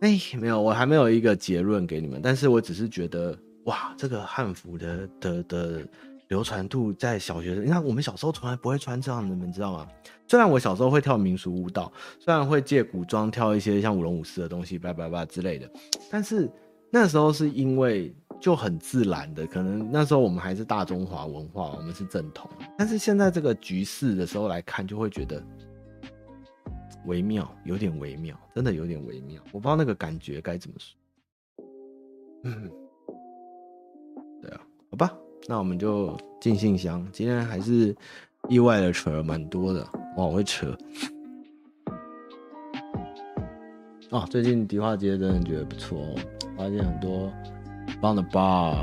哎、欸，沒有，我還沒有一個結論給你們，但是我只是覺得。哇，這個漢服的的的的流傳度在小學生，你看我們小時候從來不會穿這樣的，你們知道嗎？雖然我小時候會跳民俗舞蹈，雖然會借古裝跳一些像舞龍舞獅的東西、叭叭叭之類的，但是那時候是因為就很自然的，可能那時候我們還是大中華文化，我們是正統。但是現在這個局勢的時候來看，就會覺得微妙，有點微妙，真的有點微妙，我不知道那個感覺該怎麼說。嗯好吧，那我們就進信箱。今天還是意外的扯了蠻多的，哇，我會扯。啊、哦，最近迪化街真的覺得不錯哦，發現很多棒的 bar。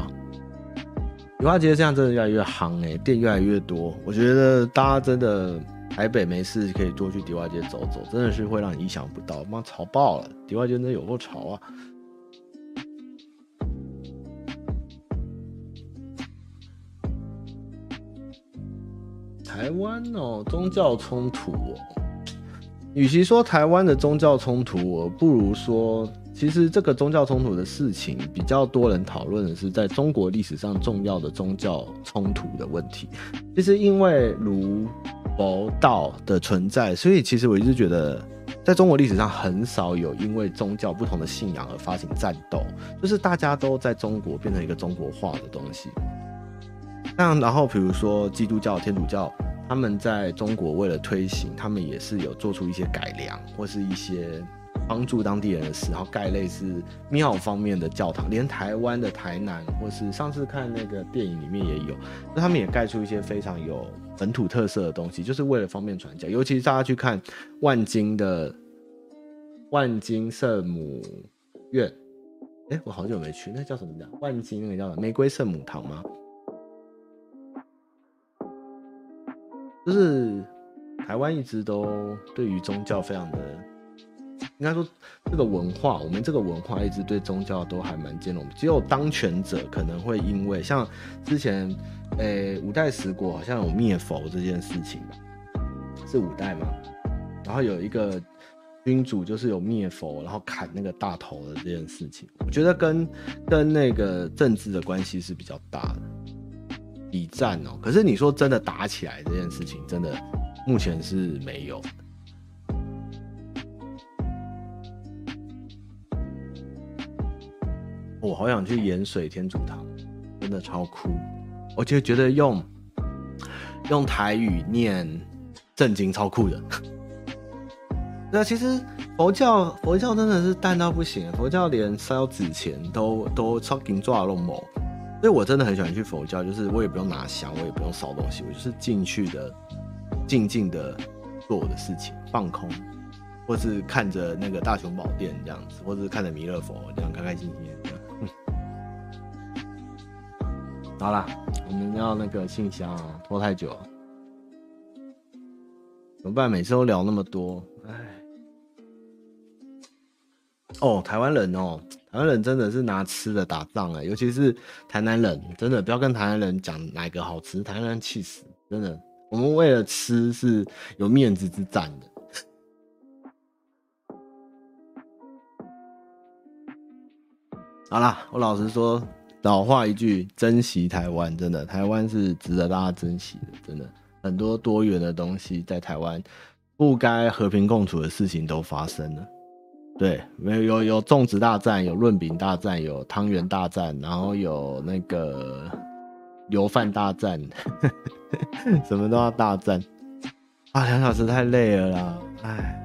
迪化街現在真的越來越夯哎、欸，店越來越多，我覺得大家真的台北沒事可以多去迪化街走走，真的是會讓你意想不到，媽潮爆了，迪化街真的有夠潮啊！台灣哦，宗教衝突哦。與其說台灣的宗教衝突，我不如說，其實這個宗教衝突的事情，比較多人討論的是在中國歷史上重要的宗教衝突的問題。其實因為儒、佛、道的存在，所以其實我一直覺得，在中國歷史上很少有因為宗教不同的信仰而發生戰鬥，就是大家都在中國變成一個中國化的東西。那然後比如說基督教、天主教。他們在中國為了推行，他們也是有做出一些改良或是一些幫助當地人的事。然後蓋類似廟方面的教堂，連台灣的台南或是上次看那個電影裡面也有，他們也蓋出一些非常有本土特色的東西，就是為了方便傳教。尤其是大家去看萬金的萬金聖母院，哎、欸，我好久沒去，那個、叫什麼叫？萬金，那個叫玫瑰聖母堂嗎？就是台灣一直都對於宗教非常的，應該說這個文化，我們這個文化一直對宗教都還蠻兼容，只有當權者可能會因為像之前，呃、欸，五代十國好像有滅佛這件事情吧，是五代嗎？然後有一個君主就是有滅佛，然後砍那個大頭的這件事情，我覺得跟跟那個政治的關係是比較大的。比戰哦，可是你說真的打起來這件事情，真的目前是沒有。我、哦、好想去鹽水天主堂，真的超酷。我就覺得用用台語唸，震驚超酷的。那 其實佛教佛教真的是淡到不行，佛教連燒紙錢都都超緊抓攏毛。所以我真的很喜歡去佛教，就是我也不用拿香，我也不用燒東西，我就是進去的，靜靜的做我的事情，放空，或是看着那個大雄寶殿這樣子，或是看着彌勒佛這樣，開開心心這樣，嗯。好啦，我們要那個信箱啊，拖太久，怎麼辦？每次都聊那麼多，哎。哦，台灣人哦、喔。台灣人真的是拿吃的打仗啊、欸，尤其是台南人，真的不要跟台南人講哪個好吃，台南人氣死！真的，我們為了吃是有面子之戰的。好啦，我老實說，老話一句，珍惜台灣，真的，台灣是值得大家珍惜的。真的，很多多元的東西在台灣，不該和平共處的事情都發生了。對，有有有粽子大戰，有潤餅大戰，有湯圓大戰，然後有那個油飯大戰， 什麼都要大戰啊！兩小時太累了啦，唉。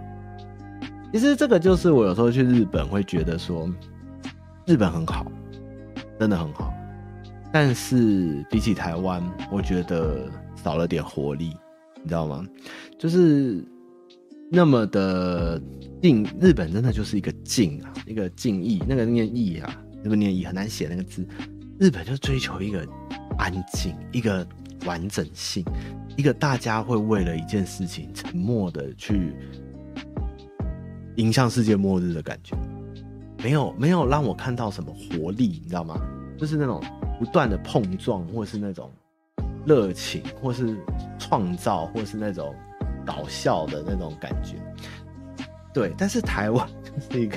其實這個就是我有時候去日本會覺得說，日本很好，真的很好，但是比起台灣，我覺得少了點活力，你知道嗎？就是。那麼的靜，日本真的就是一個靜啊，一個靜意，那個念意啊，那個念意很難寫那個字。日本就追求一個安靜，一個完整性，一個大家會為了一件事情沉默的去迎向世界末日的感覺，沒有沒有讓我看到什麼活力，你知道嗎？就是那種不斷的碰撞，或是那種熱情，或是創造，或是那種，搞笑的那種感覺，對。但是台灣就是一個，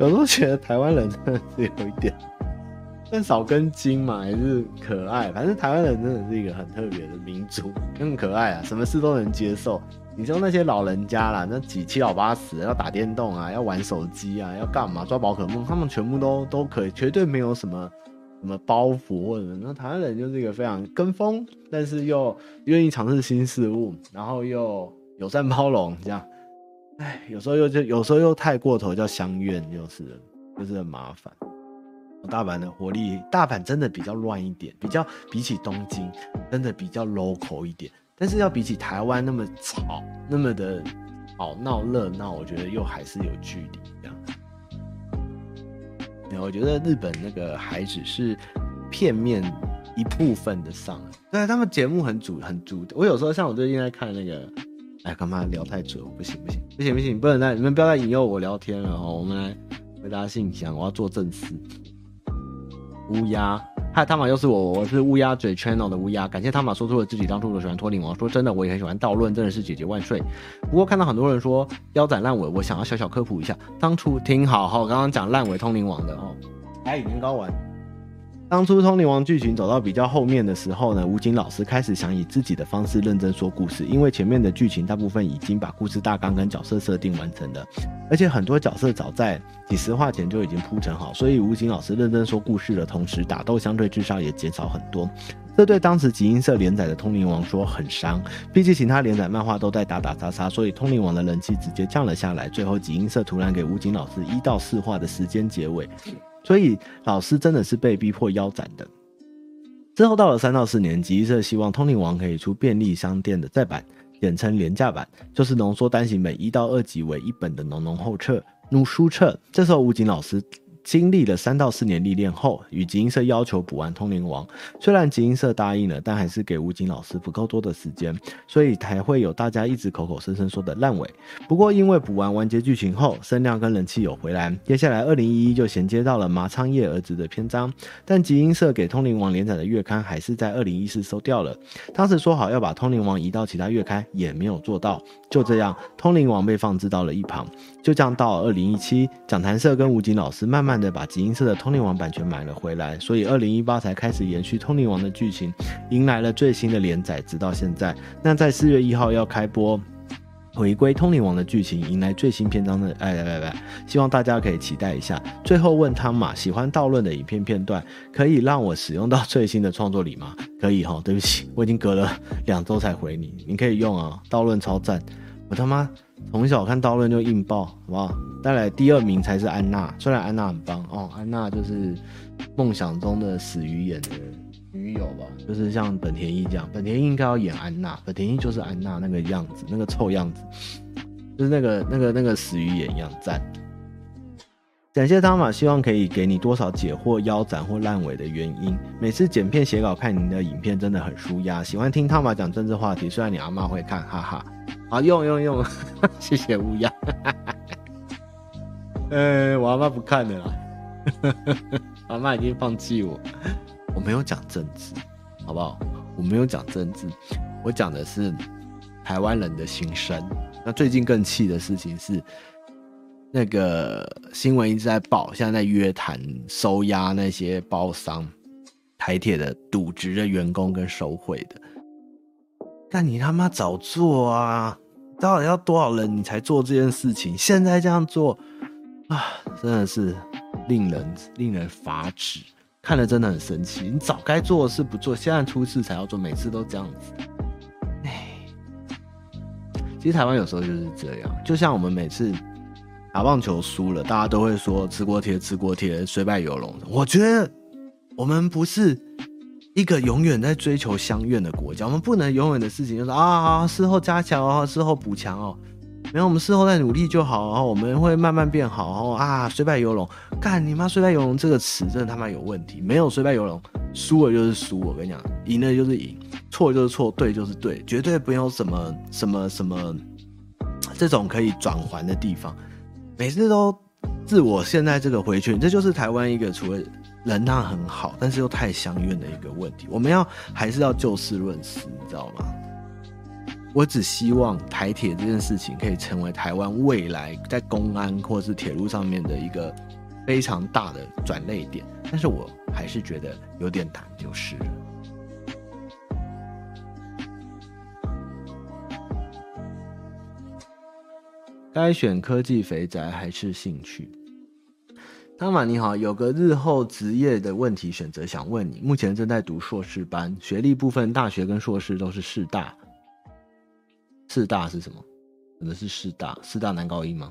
有時候覺得台灣人真的是有一點更少根筋嘛，還是可愛？反正台灣人真的是一個很特別的民族，更可愛啊！什麼事都能接受。你知道那些老人家啦，那幾七老八十要打電動啊，要玩手機啊，要幹嘛？抓寶可夢，他們全部都都可以，絕對沒有什麼。什麼包袱或者什麼？那台灣人就是一個非常跟風，但是又願意嘗試新事物，然後又友善包容這樣。哎，有時候又就，有時候又太過頭，叫相怨，就是，就是很麻煩。大阪的活力，大阪真的比較亂一點，比較比起東京，真的比較 local 一點。但是要比起台灣那麼吵，那麼的好鬧熱鬧，我覺得又還是有距離。我覺得日本那個孩子是片面一部分的喪，對他們節目很主很主。我有時候像我最近在看那個，哎，幹嘛聊太久，不行不行不行，不行，不行，不行，不能再，你們不要再引誘我聊天了哦、喔，我們來回答信箱，我要做正事。烏鴉。嗨，姆湯又是我，我是烏鴉嘴 Channel 的烏鴉。感謝姆湯說出了自己當初的喜歡通靈王，說真的我也很喜歡道論，真的是姐姐萬歲。不過看到很多人說腰斬爛尾，我想要小小科普一下，當初聽好好剛剛講爛尾通靈王的哦。還有年糕丸。當初《通靈王》劇情走到比較後面的時候呢，武井老師開始想以自己的方式認真說故事，因為前面的劇情大部分已經把故事大綱跟角色設定完成了，而且很多角色早在幾十話前就已經鋪陳好，所以武井老師認真說故事的同時，打鬥相對至少也減少很多，這對當時集英社連載的《通靈王》說很傷，畢竟其他連載漫畫都在打打殺殺，所以《通靈王》的人氣直接降了下來，最後集英社突然給武井老師一到四話的時間結尾。所以老師真的是被逼迫腰斬的。之後到了三到四年，集英社希望通靈王可以出便利商店的再版，簡稱廉價版，就是濃縮單行本一到二集為一本的濃濃厚冊、怒書冊。這時候武井老師。經歷了三到四年歷練後，與集英社要求補完《通靈王》，雖然集英社答應了，但還是給武井老師不夠多的時間，所以才會有大家一直口口聲聲說的爛尾。不過，因為補完完結劇情後，聲量跟人氣有回來，接下來二零一一就銜接到了麻倉葉兒子的篇章。但集英社給《通靈王》連載的月刊還是在二零一四收掉了，當時說好要把《通靈王》移到其他月刊，也沒有做到。就這樣，《通靈王》被放置到了一旁。就這樣到二零一七，講談社跟武井老師慢慢。看着把集英社的《通靈王》版權買了回來，所以二零一八才開始延續《通靈王》的劇情，迎來了最新的連載，直到現在。那在四月一號要開播，回歸《通靈王》的劇情，迎來最新篇章的，哎，拜拜！希望大家可以期待一下。最後問他嘛，喜歡道論的影片片段，可以讓我使用到最新的創作裡嗎？可以哈，對不起，我已經隔了兩周才回你，你可以用啊、哦，道論超讚，我他媽。從小看《刀論》就硬爆，好不好？帶來第二名才是安娜，雖然安娜很棒哦。安娜就是夢想中的死魚眼的女友吧，就是像本田一這樣。本田一應該要演安娜，本田一就是安娜那個樣子，那個臭樣子，就是那個那個那個死魚眼一樣讚。感謝湯馬，希望可以給你多少解惑腰斬或爛尾的原因。每次剪片寫稿看你的影片真的很舒壓，喜歡聽湯馬講政治話題，雖然你阿媽會看，哈哈。啊，用用用，用 謝謝烏烏鴉。呃、 欸，我阿嬤不看了啦，我 阿嬤已經放棄我。我沒有講政治，好不好？我沒有講政治，我講的是台灣人的心聲。那最近更氣的事情是，那個新聞一直在報，現在在約談、收押那些包商、台鐵的瀆職的員工跟收賄的。但你他媽早做啊！到底要多少人你才做這件事情？現在這樣做，啊，真的是令人令人髮指，看了真的很生氣。你早該做的事不做，現在出事才要做，每次都這樣子，哎。其實台灣有時候就是這樣，就像我們每次打棒球輸了，大家都會說吃鍋貼，吃鍋貼，雖敗猶榮。我覺得我們不是。一個永遠在追求相怨的國家，我們不能永遠的事情就是啊，事後加強哦，事後補強哦，沒有，我們事後再努力就好，然後我們會慢慢變好，然後啊，雖敗猶榮。幹你媽！雖敗猶榮這個詞真的他媽有問題。沒有雖敗猶榮，輸了就是輸，我跟你講，贏了就是贏，錯就是錯，對就是對，絕對不用什麼什麼什麼這種可以轉圜的地方。每次都自我現在這個回去，這就是台灣一個除了。人那很好，但是又太相怨的一個問題，我們要還是要就事論事，你知道嗎？我只希望台鐵這件事情可以成為台灣未來在公安或者是鐵路上面的一個非常大的轉捩點，但是我還是覺得有點膽丟失。該選科技肥宅還是興趣？阿瑪你好，有個日後職業的問題選擇想問你，目前正在讀碩士班，學歷部分大學跟碩士都是師大。師大是什麼？可能是師大？師大男高音嗎？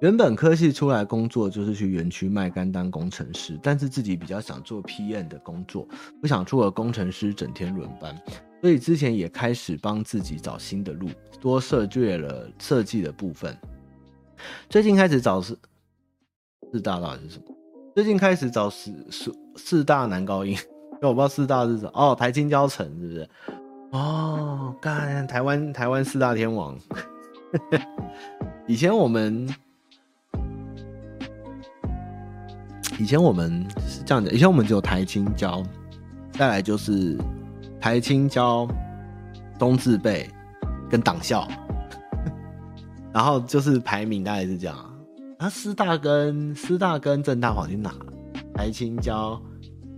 原本科系出來工作就是去園區賣肝當工程師，但是自己比較想做 PM 的工作，不想出了工程師整天輪班，所以之前也開始幫自己找新的路，多涉獵了設計的部分。最近開始找是。四大到底是什麼？最近開始找四四四大男高音，因為我不知道四大是什麼哦。台清交成是不是？哦，幹，台灣台灣四大天王。 以前我們，以前我們是這樣講，以前我們只有台清交，再來就是台清交、東字輩跟黨校， 然後就是排名大概是這樣。啊，師大跟師大跟政大跑去哪台清交？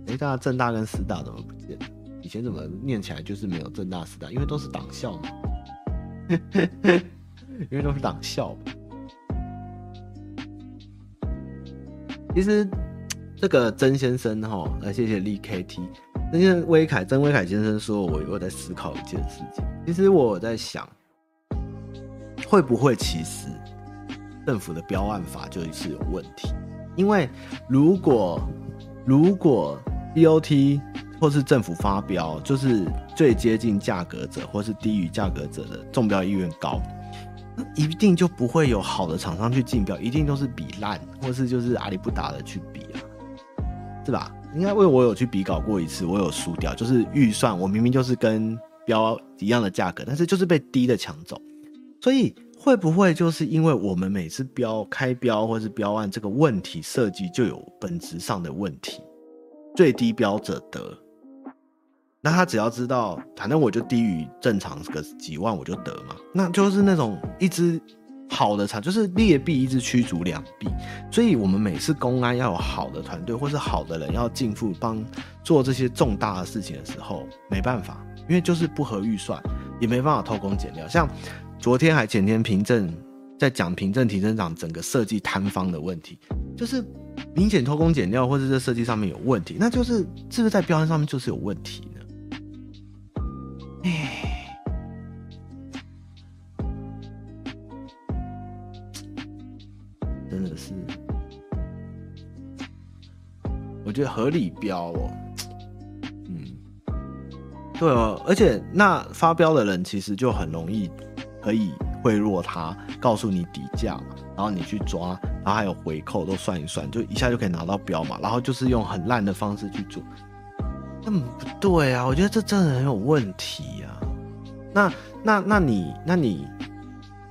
哎、欸，大家政大跟師大怎麼不見了？以前怎麼念起來就是沒有政大、師大？因為都是黨校嘛， 因為都是黨校，其實這個曾先生哈，來、啊、謝謝立 KT 曾威凱曾威凱先生說我，我我在思考一件事情。其實我在想，會不會其實？政府的標案法就是有問題，因為如果如果 BOT 或是政府發標，就是最接近價格者或是低於價格者的中標意願高，一定就不會有好的廠商去競標，一定都是比爛或是就是阿里不達的去比啊，是吧？應該為我有去比稿過一次，我有輸掉，就是預算我明明就是跟標一樣的價格，但是就是被低的搶走，所以。會不會就是因為我們每次標開標或是標案這個問題設計就有本質上的問題？最低標者得，那他只要知道，反正我就低於正常個幾萬我就得嘛。那就是那種一支好的廠就是劣幣一直驅逐良幣，所以我們每次公安要有好的團隊或是好的人要進駐幫做這些重大的事情的時候，沒辦法，因為就是不合預算，也沒辦法偷工減料，像。昨天還前天憑證，在講憑證提升上整個設計坍方的問題，就是明顯偷工減料，或者這設計上面有問題，那就是是不是在標案上面就是有問題呢？哎，真的是，我覺得合理標哦，嗯，對哦，而且那發標的人其實就很容易。可以賄賂他，告訴你底價，然後你去抓，然後還有回扣都算一算，就一下就可以拿到標嘛。然後就是用很爛的方式去做，那麼不對啊，我覺得這真的很有問題啊。那那那你那你，那你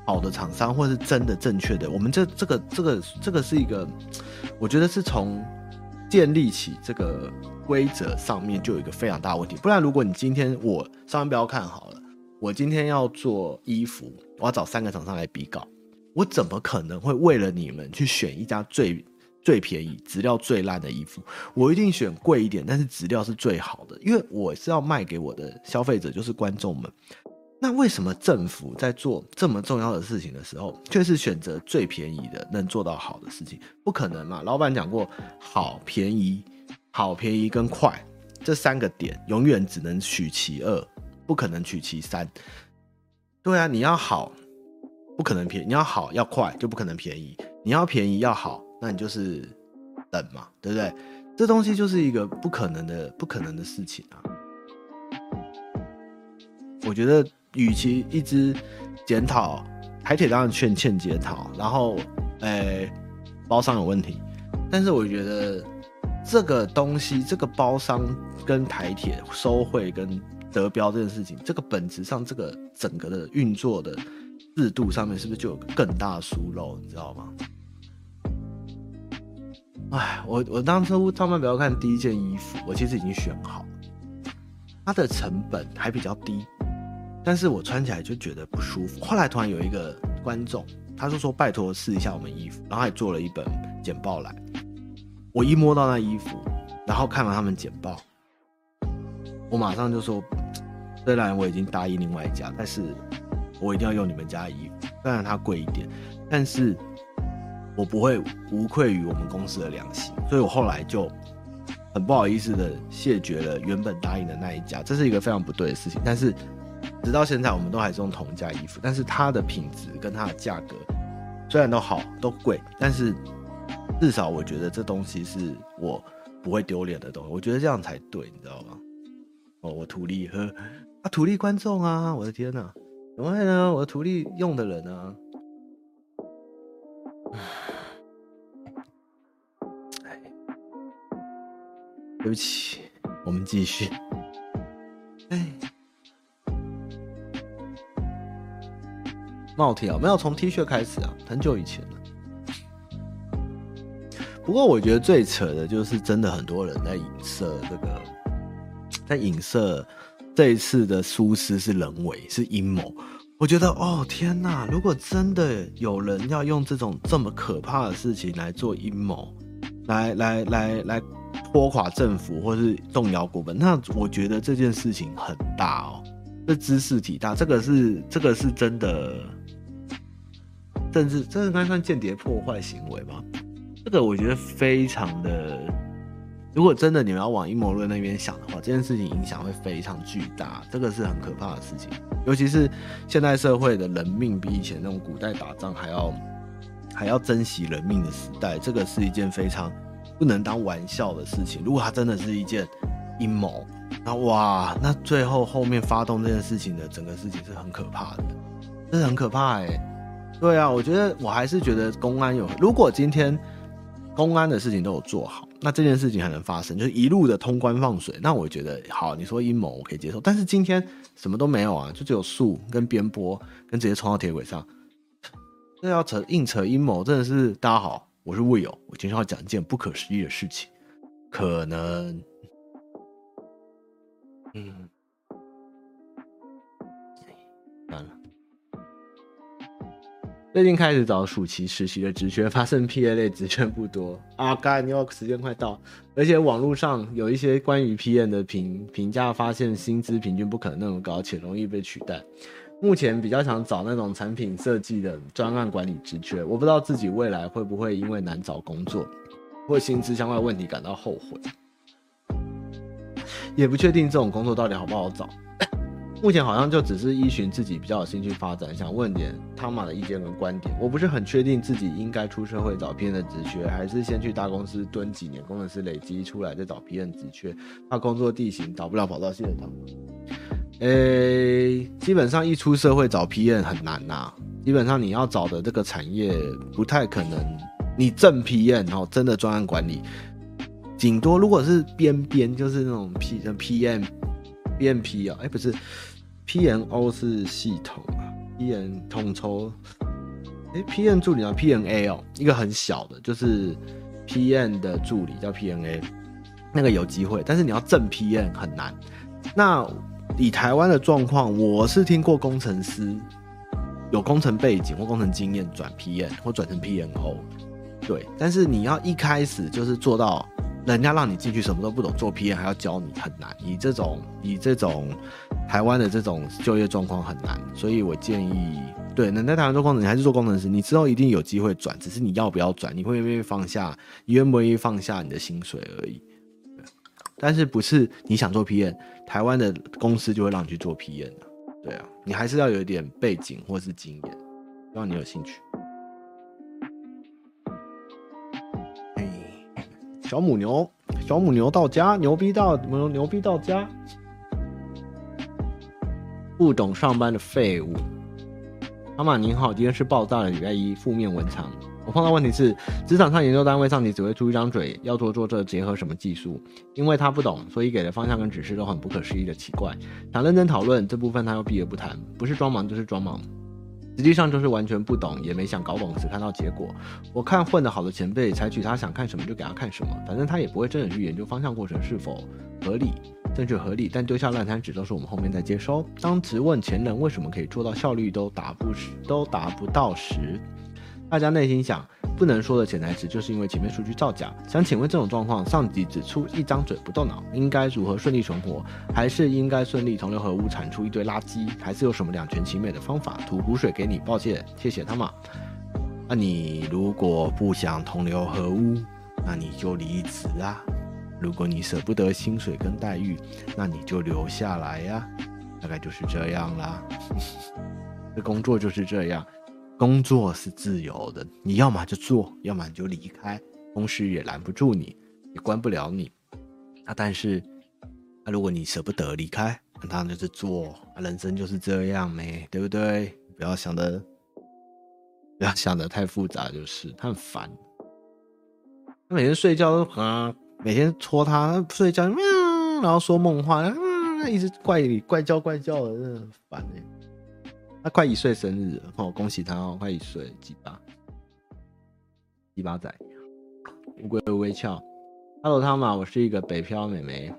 好的廠商或者是真的正確的，我們這這個這個這個是一個，我覺得是從建立起這個規則上面就有一個非常大的問題。不然如果你今天我上完標看好了。我今天要做衣服，我要找三個廠商來比稿。我怎麼可能會為了你們去選一家最最便宜、質料最爛的衣服？我一定選貴一點，但是質料是最好的，因為我是要賣給我的消費者，就是觀眾們。那為什麼政府在做這麼重要的事情的時候，卻是選擇最便宜的，能做到好的事情？不可能嘛？老板講過，好便宜、好便宜跟快這三個點，永遠只能取其二。不可能取其三，對啊，你要好，不可能便宜；你要好要快，就不可能便宜；你要便宜要好，那你就是等嘛，對不對？這東西就是一個不可能的不可能的事情啊！我覺得，與其一直檢討台鐵，當然勸勸檢討，然後，誒、欸，包商有問題，但是我覺得這個東西，這個包商跟台鐵收賄跟。德標這件事情，這個本質上，這個整個的運作的制度上面，是不是就有更大的疏漏你知道嗎？哎，我我當初上比較看第一件衣服，我其實已經選好了，它的成本還比較低，但是我穿起來就覺得不舒服。後來突然有一個觀眾，他就說拜托試一下我們衣服，然後還做了一本簡報來。我一摸到那衣服，然後看完他們簡報。我馬上就說，雖然我已經答應另外一家，但是我一定要用你們家的衣服。雖然它貴一點，但是我不會無愧於我們公司的良心。所以我後來就很不好意思的謝絕了原本答應的那一家。這是一個非常不對的事情，但是直到現在，我們都還是用同一家衣服。但是它的品質跟它的價格雖然都好都貴，但是至少我覺得這東西是我不會丟臉的東西。我覺得這樣才對，你知道嗎？哦，我徒弟呵啊，徒弟觀眾啊，我的天哪、啊，怎麼會呢？我徒弟用的人呢、啊？對不起，我們繼續。哎，帽 T 啊，沒有從 T 恤開始啊，很久以前了。不過我覺得最扯的就是真的很多人在影射這個。在影射這一次的疏失是人為，是陰謀。我覺得，哦，天哪，如果真的有人要用這種這麼可怕的事情來做陰謀，來來來來拖垮政府，或是動搖國本，那我覺得這件事情很大哦，茲事體大。這個是這個是真的政治，甚至甚至該算間諜破壞行為嗎？這個我覺得非常的。如果真的你們要往陰謀論那邊想的話，這件事情影響會非常巨大，這個是很可怕的事情。尤其是現代社會的人命比以前那種古代打仗還要還要珍惜人命的時代，這個是一件非常不能當玩笑的事情。如果它真的是一件陰謀，那哇，那最後後面發動這件事情的整個事情是很可怕的，真是很可怕哎、欸。對啊，我覺得我還是覺得公安有，如果今天公安的事情都有做好。那這件事情還能發生，就是一路的通關放水。那我覺得好，你說陰謀我可以接受，但是今天什麼都沒有啊，就只有樹跟邊坡跟直接衝到鐵軌上，這要扯硬扯陰謀真的是。大家好，我是魏友，我今天要講一件不可思議的事情，可能，嗯。最近開始找暑期實習的職缺，發現 PA 類職缺不多。阿、啊、York know, 時間快到，而且網絡上有一些關於 PN 的評評價，發現薪資平均不可能那麼高，且容易被取代。目前比較想找那種產品設計的專案管理職缺，我不知道自己未來會不會因為難找工作或薪資相關問題感到後悔，也不確定這種工作到底好不好找。 目前好像就只是依循自己比較有興趣發展，想問點湯馬的意見跟觀點。我不是很確定自己應該出社會找 PM 職缺，還是先去大公司蹲幾年工程師累積出來再找 PM 職缺，怕工作地形找不了，跑道線的湯馬。誒，基本上一出社會找 PM 很難吶、啊，基本上你要找的這個產業不太可能你正 PM，然後真的專案管理，頂多如果是邊邊就是那種 PM。P P N P 啊，哎、欸、不是，P N O 是系統啊，P N 統籌，哎 P N 助理啊，P N A 哦、喔，一個很小的，就是 P N 的助理叫 P N A，那個有機會，但是你要正 P N 很難。那以台灣的狀況，我是聽過工程師有工程背景或工程經驗轉 P N 或轉成 P N O，對，但是你要一開始就是做到。人家讓你進去什麼都不懂，做 PM 還要教你，很難。以這種以這種台灣的這種就業狀況很難，所以我建議，對，能在台灣做工程師，你還是做工程師，你知道一定有機會轉，只是你要不要轉，你會不會放下，你願不願意放下你的薪水而已。但是不是你想做 PM，台灣的公司就會讓你去做 PM 的？對啊，你還是要有一點背景或是經驗，希望你有興趣。小母牛，小母牛到家，牛逼到牛牛逼到家。不懂上班的廢物，媽媽您好，今天是爆炸的禮拜一負面文章。我碰到問題是，職場上、研究單位上，你只會出一張嘴，要多做，做這結合什麼技術？因為他不懂，所以給的方向跟指示都很不可思議的奇怪。想認真討論這部分，他又避而不談，不是裝忙就是裝忙。實際上就是完全不懂，也沒想搞懂，只看到結果。我看混得好的前輩，採取他想看什麼就給他看什麼，反正他也不會真的去研究方向過程是否合理、正確合理，但丟下爛攤子都是我們後面在接收。當直問前人為什麼可以做到效率都達不時，都達不到時，大家內心想。不能說的潛台詞就是因為前面數據造假。想請問這種狀況，上級只出一張嘴不動腦，應該如何順利存活？還是應該順利同流合污，產出一堆垃圾？還是有什麼兩全其美的方法？吐苦水給你，抱歉，謝謝他嘛。啊，你如果不想同流合污，那你就離職啊。如果你捨不得薪水跟待遇，那你就留下來呀、啊。大概就是這樣啦。這 工作就是這樣。工作是自由的，你要麼就做，要麼你就離開，同時也攔不住你，也關不了你。啊，但是啊，如果你捨不得離開，那當然就是做。啊，人生就是這樣唄、欸，對不對？不要想的，不要想的太複雜，就是他很煩。他每天睡覺都啊，每天戳他，他睡覺喵，然後說夢話、嗯、他一直怪你，怪叫怪叫的，真的很煩呢、欸。快一歲生日了，好、哦、恭喜他哦！快一歲，雞八，雞八仔，烏龜烏龜翹。Hello，湯馬，我是一個北漂美眉。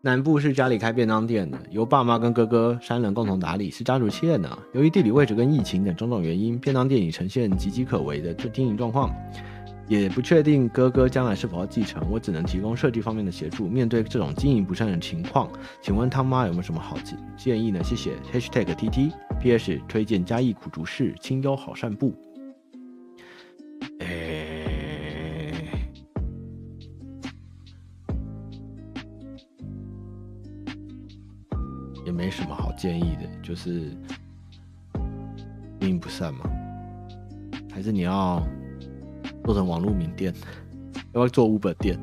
南部是家裡開便當店的，由爸媽跟哥哥三人共同打理，是家族企業呢。由於地理位置跟疫情等種種原因，便當店已呈現岌岌可危的經營狀況。也不確定哥哥將來是否要繼承，我只能提供設計方面的協助。面對這種經營不善的情況，請問他媽有沒有什麼好建建議呢？謝謝。#hashtag TT PS 推薦嘉義苦竹寺清幽好散步。哎，也沒什麼好建議的，就是經營不善嘛，還是你要。做成網絡名店，要，不要做 Uber 店，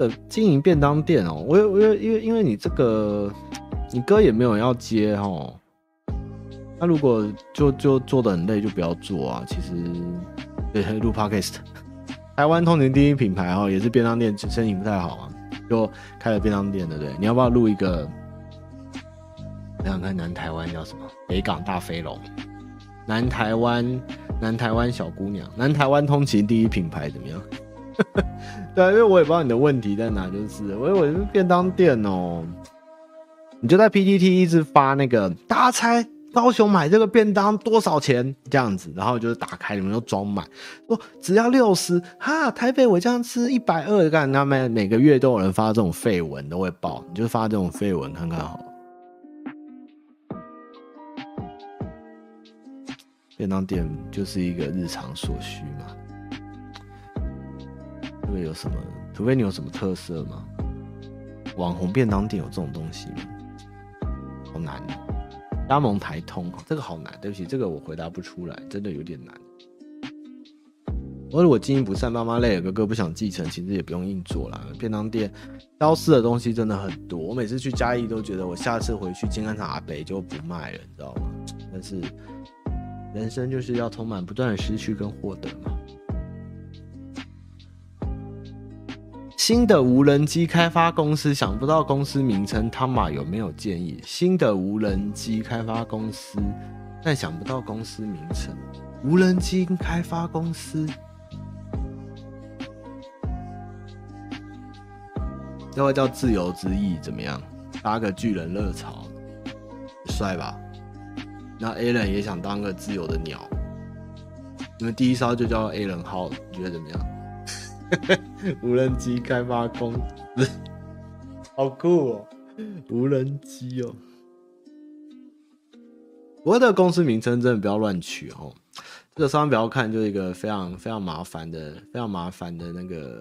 呃，經營便當店哦、喔。我我，我因為因為你這個，你哥也沒有要接哦、喔。那如果就就做得很累，就不要做啊。其實，呃，錄 Podcast，台灣通勤第一品牌哦、喔，也是便當店生意不太好啊，就開了便當店，對不對？你要不要錄一個？我想，想看南台灣叫什麼，北港大飛龍。南台灣，南台灣小姑娘，南台灣通勤第一品牌怎麼樣？ 對啊，因為我也不知道你的問題在哪，就是我，我以為是便當店哦、喔。你就在 PTT 一直發那個，大家猜高雄買這個便當多少錢？這樣子，然後就是打開裡面都裝滿，只要六十哈，台北我這樣吃一百二，幹他們每個月都有人發這種廢文都會爆，你就發這種廢文看看好了。便當店就是一個日常所需嘛，會、這個、有什麼？除非你有什麼特色嘛？網紅便當店有這種東西嗎？好難、啊，加盟台通、啊，這個好難。對不起，這個我回答不出來，真的有點難。我如果經營不善，爸媽累了，哥哥不想繼承，其實也不用硬做啦。便當店，消失的東西真的很多。我每次去嘉義都覺得，我下次回去金甘茶阿北就不賣了，你知道嗎？但是。人生就是要充滿不斷的失去跟獲得嘛。新的無人機開發公司，想不到公司名稱，湯馬有沒有建議？新的無人機開發公司，但想不到公司名稱。無人機開發公司，這位叫自由之翼怎麼樣？搭個巨人熱潮，帥吧？那 Alan 也想當個自由的鳥，你們第一艘就叫 Alan 號，你覺得怎麼樣？ 無人機開發公司， 好酷哦、喔！無人機哦、喔，我的公司名稱真的不要亂取哦、喔。這個商標不要看，就是一個非常非常麻煩的、非常麻煩的那個、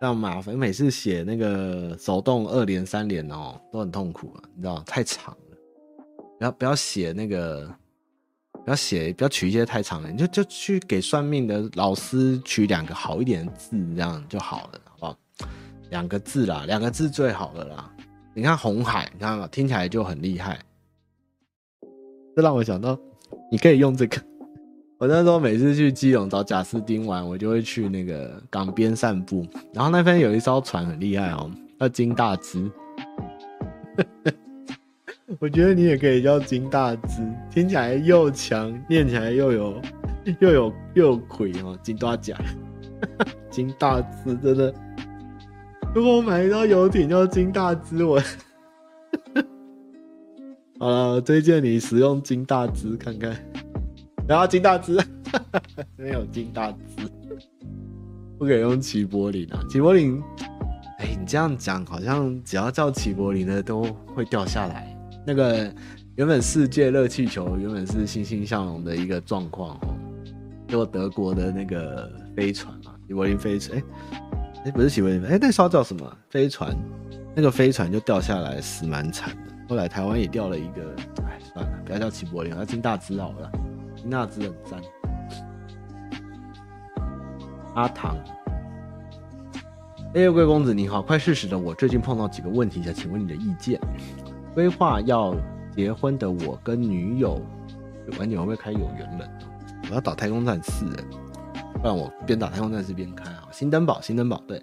非常麻煩。每次寫那個手動二連三連哦、喔，都很痛苦啊，你知道太長。不要不要寫那個，不要寫，不要取一些太長的，你就就去給算命的老師取兩個好一點的字，這樣就好了，好不好？兩個字啦，兩個字最好了啦。你看紅海，你看嘛，聽起來就很厲害。這讓我想到，你可以用這個。 我那時候每次去基隆找賈斯汀玩，我就會去那個港邊散步，然後那邊有一艘船很厲害哦，叫金大只。 我覺得你也可以叫金大隻，聽起來又強，念起來又有，又有又魁哦，金大甲，金大隻真的。如果我買一艘遊艇叫金大隻，我，好了，推薦你使用金大隻看看，然後金大隻，哈哈，沒有金大隻，不可以用齊柏林啊，齊柏林。哎，你這樣講好像只要叫齊柏林的都會掉下來。那個原本世界熱氣球原本是欣欣向榮的一個狀況哦，結果德國的那個飛船嘛、啊，齊柏林飛船，哎不是齊柏林，哎那時候叫什麼飛船？那個飛船就掉下來，死蠻慘的。後來台灣也掉了一個，哎算了，不要叫齊柏林，要金大慈好了，金大慈很贊。阿糖，哎呦，貴公子你好，快四十的我最近碰到幾個問題，想請問你的意見。規劃要結婚的我跟女友，玩你會不會開有緣人？我要打太空戰士，欸、不然我邊打太空戰士邊開啊。新登堡，新登堡，對。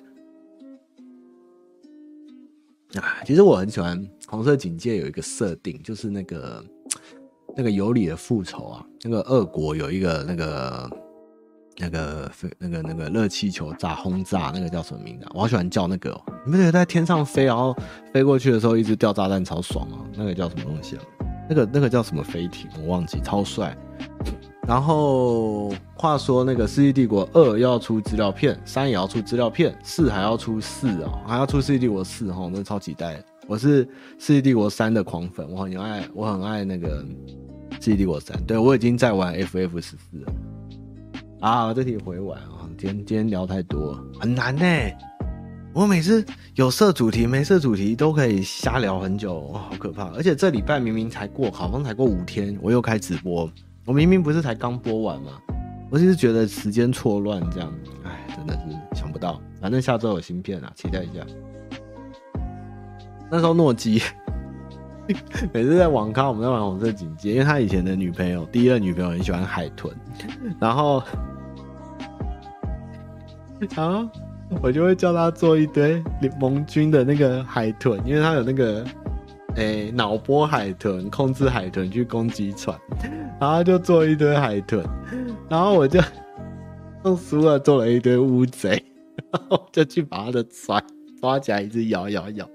啊、其實我很喜歡《紅色警戒》，有一個設定，就是那個那個尤里的復仇啊，那個俄國有一個那個。那個飛那個那個熱氣球炸，轟炸那個叫什麼名字啊？我好喜歡叫那個喔，你不覺得在天上飛，然後飛過去的時候一直掉炸彈，超爽啊！那個叫什麼東西啊？那個那個叫什麼飛艇？我忘記，超帥。然後話說，那個《世紀帝國二》要出資料片，《三》也要出資料片，《四》喔還要出四啊，還要出《世紀帝國四》哦。那超期待。我是《世紀帝國三》的狂粉，我很愛，我很愛那個《世紀帝國三》。對，我已經在玩《FF 十四》了。啊，這題回完啊，今天今天聊太多，很難呢。我每次有設主題沒設主題都可以瞎聊很久，好可怕。而且這禮拜明明才過，好像才過五天，我又開直播，我明明不是才剛播完嘛。我其實覺得時間錯亂這樣，哎，真的是想不到。反正下周有新片啊，期待一下。那時候諾基。每次在網咖，我們在玩紅色警戒，因為他以前的女朋友，第一個女朋友很喜歡海豚，然後然後我就會叫他做一堆盟軍的那個海豚，因為他有那個誒、欸、腦波海豚，控制海豚去攻擊船，然後就做一堆海豚，然後我就用蘇聯，做了一堆烏賊，然後就去把他的船，抓起來一直咬咬咬，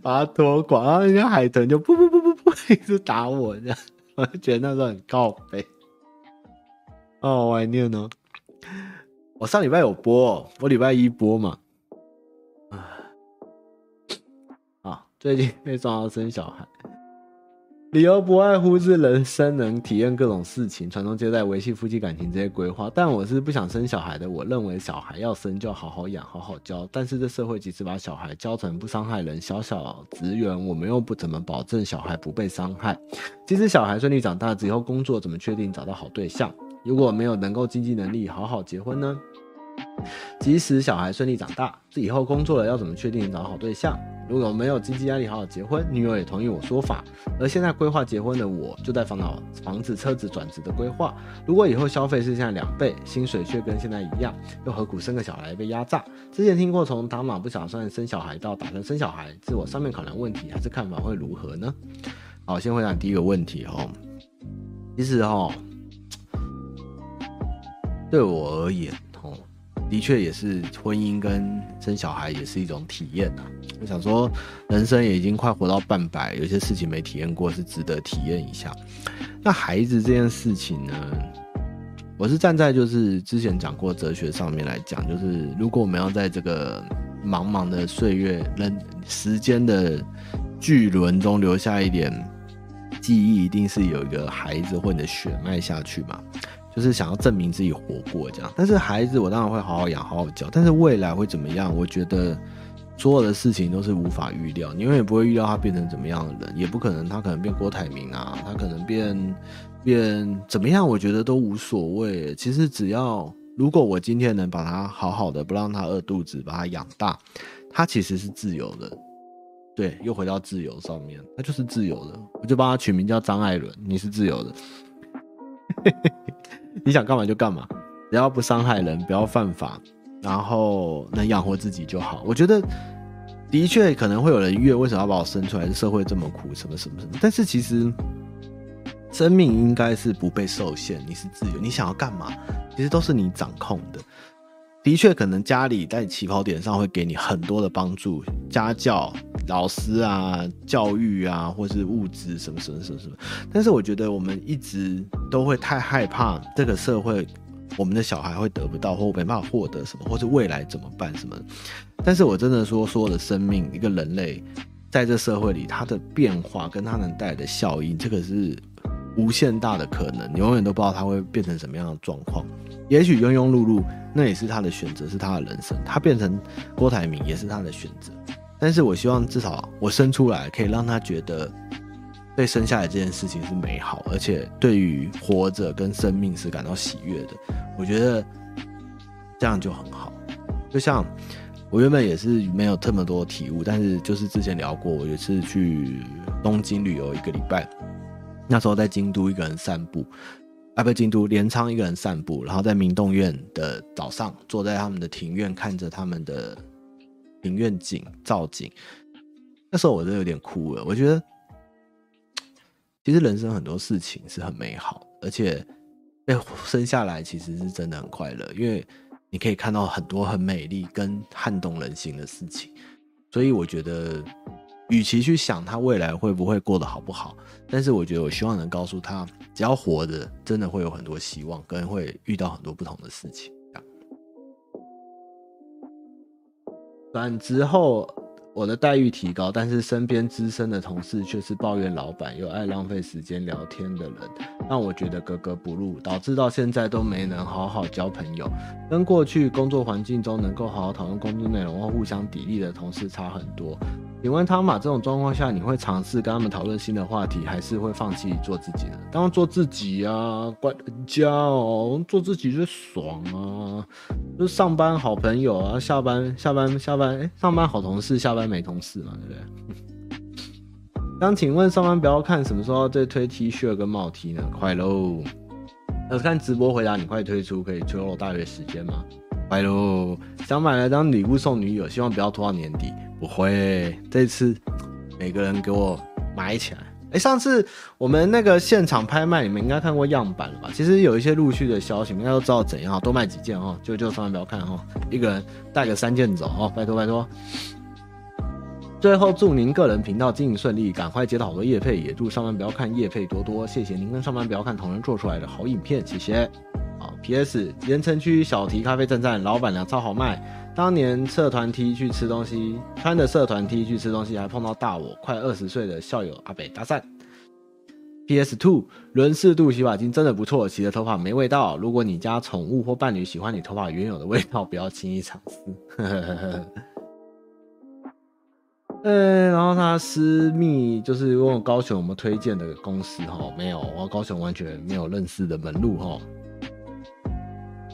把它拖垮，然後人家海豚就不不不不不，一直打我，這樣我就覺得那時候很靠北。Oh, 哦，我還念呢，我上禮拜有播，我禮拜一播嘛。啊，最近被撞到生小孩。理由不外乎是人生能體驗各種事情，傳宗接代，維繫夫妻感情這些規劃。但我是不想生小孩的。我認為小孩要生就好好養，好好教。但是這社會即使把小孩教成不傷害人，小小職員，我們又不怎麼保證小孩不被傷害。即使小孩順利長大之後工作，怎麼確定找到好對象？如果沒有能夠經濟能力好好結婚呢？即使小孩順利長大，是以後工作了要怎麼確定找好對象？如果沒有經濟壓力，好好結婚，女友也同意我說法。而現在規劃結婚的我，就在煩惱房子、車子轉職的規劃。如果以後消費是現在兩倍，薪水卻跟現在一樣，又何苦生個小孩被壓榨？之前聽過從打碼不打算生小孩到打算生小孩，自我上面考量問題，還是看法會如何呢？好，先回答第一個問題哦。其實哦，對我而言。的確也是，婚姻跟生小孩也是一種體驗啊，我想說，人生也已經快活到半百，有些事情沒體驗過是值得體驗一下。那孩子這件事情呢，我是站在就是之前講過哲學上面來講，就是如果我們要在這個茫茫的歲月、人時間的巨輪中留下一點記憶，一定是有一個孩子或者血脈下去嘛。就是想要證明自己活過這樣，但是孩子我當然會好好養，好好教。但是未來會怎麼樣？我覺得所有的事情都是無法預料，你永遠不會預料他變成怎麼樣的人，也不可能他可能變郭台銘啊，他可能變變怎麼樣？我覺得都無所謂。其實只要如果我今天能把他好好的，不讓他餓肚子，把他養大，他其實是自由的。對，又回到自由上面，他就是自由的。我就幫他取名叫張艾倫，你是自由的。 你想幹嘛就幹嘛，只要不傷害人，不要犯法，然後能養活自己就好。我覺得，的確可能會有人怨，為什麼要把我生出來？社會這麼苦，什麼什麼什麼。但是其實，生命應該是不被受限，你是自由，你想要幹嘛，其實都是你掌控的。的確，可能家裡在起跑點上會給你很多的幫助，家教。老師啊，教育啊，或是物質什麼什麼什麼什麼，但是我覺得我們一直都會太害怕這個社會，我們的小孩會得不到或沒辦法獲得什麼，或是未來怎麼辦什麼。但是我真的說，所有的生命，一個人類在這社會裡，他的變化跟他能帶來的效應，這個是無限大的可能，你永遠都不知道他會變成什麼樣的狀況。也許庸庸碌碌，那也是他的選擇，是他的人生。他變成郭台銘，也是他的選擇。但是我希望至少我生出來可以讓他覺得被生下來這件事情是美好，而且對於活着跟生命是感到喜悅的。我覺得這樣就很好。就像我原本也是沒有這麼多體悟，但是就是之前聊過，我有一次去東京旅遊一個禮拜，那時候在京都一個人散步，啊不，京都鎌倉一個人散步，然後在明洞院的早上，坐在他們的庭院，看着他們的。庭院景造景，那時候我真的有點哭了。我覺得，其實人生很多事情是很美好的，而且被生下來其實是真的很快樂，因為你可以看到很多很美麗跟撼動人心的事情。所以我覺得，與其去想他未來會不會過得好不好，但是我覺得，我希望能告訴他，只要活着，真的會有很多希望，跟會遇到很多不同的事情。之後，我的待遇提高，但是身邊資深的同事卻是抱怨老闆又愛浪費時間聊天的人，讓我覺得格格不入，導致到現在都沒能好好交朋友，跟過去工作環境中能夠好好討論工作內容或互相砥礪的同事差很多。請問他們這種狀況下，你會嘗試跟他們討論新的話題，還是會放棄做自己呢？當然做自己啊，乖家哦、喔，做自己就爽啊！就上班好朋友啊，下班下班下班、欸，上班好同事，下班沒同事嘛，對不對？當、嗯、請問上班不要看什麼時候再推 T 恤跟帽 T 呢？快嘍！呃，看直播回答你，快推出可以推我大。大約時間嗎？拜嘍，想買來當禮物送女友，希望不要拖到年底。不會，這次每個人給我買起來。哎、欸，上次我們那個現場拍賣，你們應該看過樣板了吧？其實有一些陸續的消息，應該都知道怎樣多賣幾件哦、喔，就就千萬不要看哦、喔。一個人帶個三件走哦、喔，拜托拜托。最後祝您個人頻道經營順利，趕快接到好多業配，也祝上班不要看業配多多，謝謝您跟上班不要看同仁做出來的好影片，謝謝。啊，PS，鹽埕區小堤咖啡鎮站老闆娘超豪邁，當年社團 T 去吃東西，穿着社團 T 去吃東西還碰到大我快二十歲的校友阿北搭訕。PS two，輪適度洗髮精真的不錯，洗的頭髮沒味道。如果你家寵物或伴侶喜歡你頭髮原有的味道，不要輕易嘗試。 呃，然後他私密就是問高雄我們推薦的公司哈，沒有，我高雄完全沒有認識的門路哈。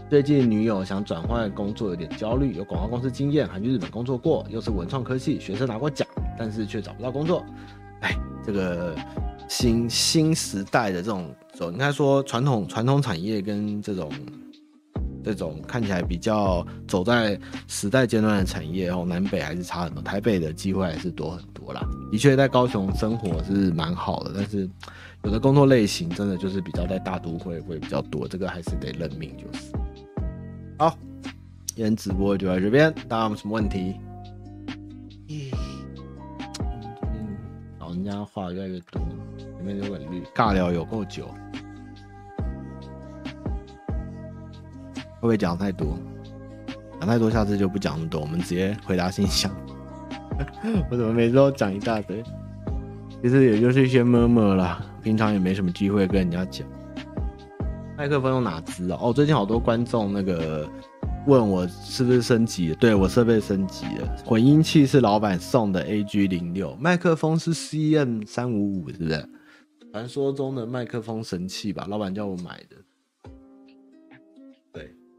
最近女友想轉換工作，有點焦慮，有廣告公司經驗，還去日本工作過，又是文創科技學生，拿過獎，但是卻找不到工作。哎，這個新新時代的這種走，應該說傳統傳統產業跟這種。這種看起來比較走在時代尖端的產業哦，南北還是差很多，台北的機會還是多很多啦。的確，在高雄生活是蠻好的，但是有的工作類型真的就是比較在大都會會比較多，這個還是得認命就是。好，今天直播就在這邊，大家有什麼問題？嗯，老人家話越來越多，裡面有個綠，尬聊有夠久。會不會講太多？講太多，下次就不講那麼多。我們直接回答信箱。 我怎麼每次都講一大堆？其實也就是一些 murmur 啦，平常也沒什麼機會跟人家講。麥克風用哪支啊？哦，最近好多觀眾那個問我是不是升級的，對，我設備升級了。混音器是老板送的 AG06，麥克風是 CM355，是不是？傳說中的麥克風神器吧，老板叫我買的。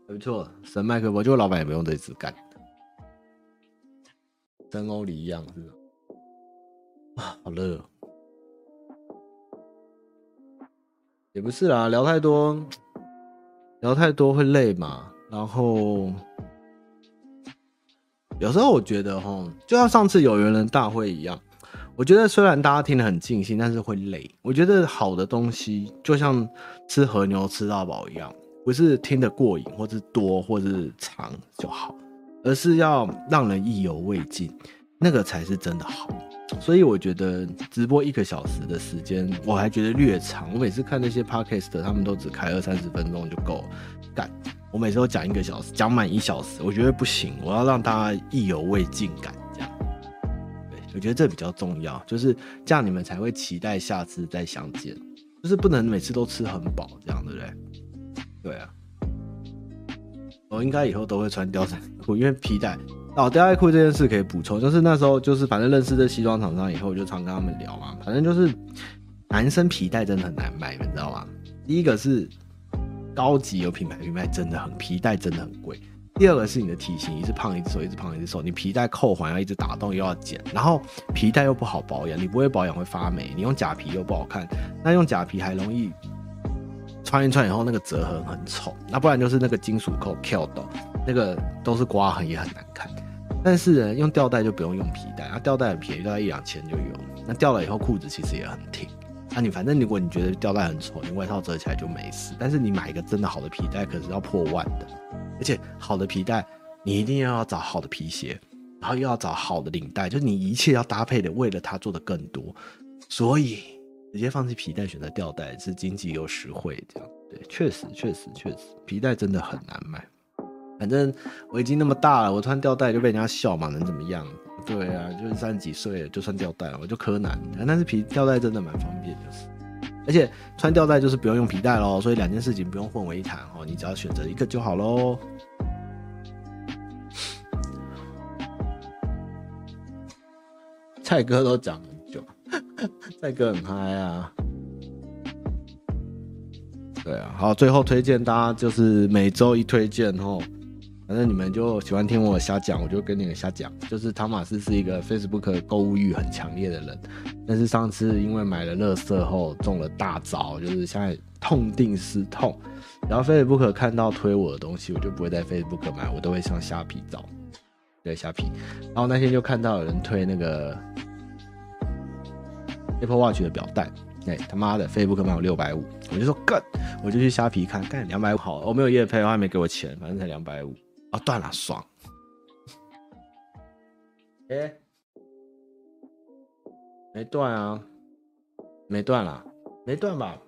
還不錯，神麥克風，就老板也不用這支幹的，神歐里一樣是吧？啊，好熱。也不是啦，聊太多，聊太多會累嘛。然後有時候我覺得，哈，就像上次有緣人大會一樣，我覺得雖然大家聽得很盡興，但是會累。我覺得好的東西，就像吃和牛吃到飽一樣。不是聽得過癮，或是多，或是長就好，而是要讓人意猶未盡，那個才是真的好。所以我覺得直播一個小時的時間，我還覺得略長。我每次看那些 podcast，他們都只開二三十分鐘就夠了。幹，我每次都講一個小時，講滿一小時，我覺得不行。我要讓大家意猶未盡感，這樣。對，我覺得這比較重要，就是這樣你們才會期待下次再相見。就是不能每次都吃很飽，這樣對不對？對啊，我、哦、應該以後都會穿吊帶褲，因為皮帶哦吊帶褲這件事可以補充，就是那時候就是反正認識這西裝廠商以後，我就常跟他們聊嘛，反正就是男生皮帶真的很難買，你知道嗎？第一個是高級有品牌，品牌真的很，皮帶真的很貴，第二個是你的體型，一直胖一直瘦一直胖一直瘦，你皮帶扣環要一直打洞又要剪，然後皮帶又不好保養，你不會保養會發霉，你用假皮又不好看，那用假皮還容易。穿一穿以後，那個折痕很醜，那不然就是那個金屬扣掉到，那個都是刮痕也很難看。但是呢，用吊帶就不用用皮帶，啊吊帶很便宜，大概一兩千就有。那吊了以後，褲子其實也很挺。那你反正如果你覺得吊帶很醜，你外套折起來就沒事。但是你買一個真的好的皮帶可是要破萬的，而且好的皮帶你一定要找好的皮鞋，然後又要找好的領帶，就是你一切要搭配的，為了它做的更多。所以。直接放棄皮帶，選擇吊帶，是經濟又實惠。這樣對，確實確實確實，皮帶真的很難買。反正我已經那麼大了，我穿吊帶就被人家笑嘛，能怎麼樣？對啊，就是三十幾歲了就穿吊帶，我就柯南。但是皮吊帶真的蠻方便，就是而且穿吊帶就是不用用皮帶嘍，所以兩件事情不用混為一談哦，你只要選擇一個就好嘍。蔡哥都講了。在 歌很嗨啊，對啊，好，最後推薦大家就是每周一推薦哦，反正你們就喜歡聽我的瞎講，我就跟你們瞎講。就是湯馬斯是一個 Facebook 購物慾很強烈的人，但是上次因為買了樂色後中了大招，就是現在痛定思痛，然後 Facebook 看到推我的東西，我就不會在 Facebook 買，我都會上蝦皮找，對蝦皮。然後那天就看到有人推那個。Apple Watch 的表帶，哎、欸、他媽的，Facebook 賣我六百五，650, 我就說幹，我就去蝦皮看，幹兩百五好了，我沒有業配，他沒給我錢，反正才兩百五，啊斷了，爽，哎、欸，沒斷啊，沒斷了，沒斷吧，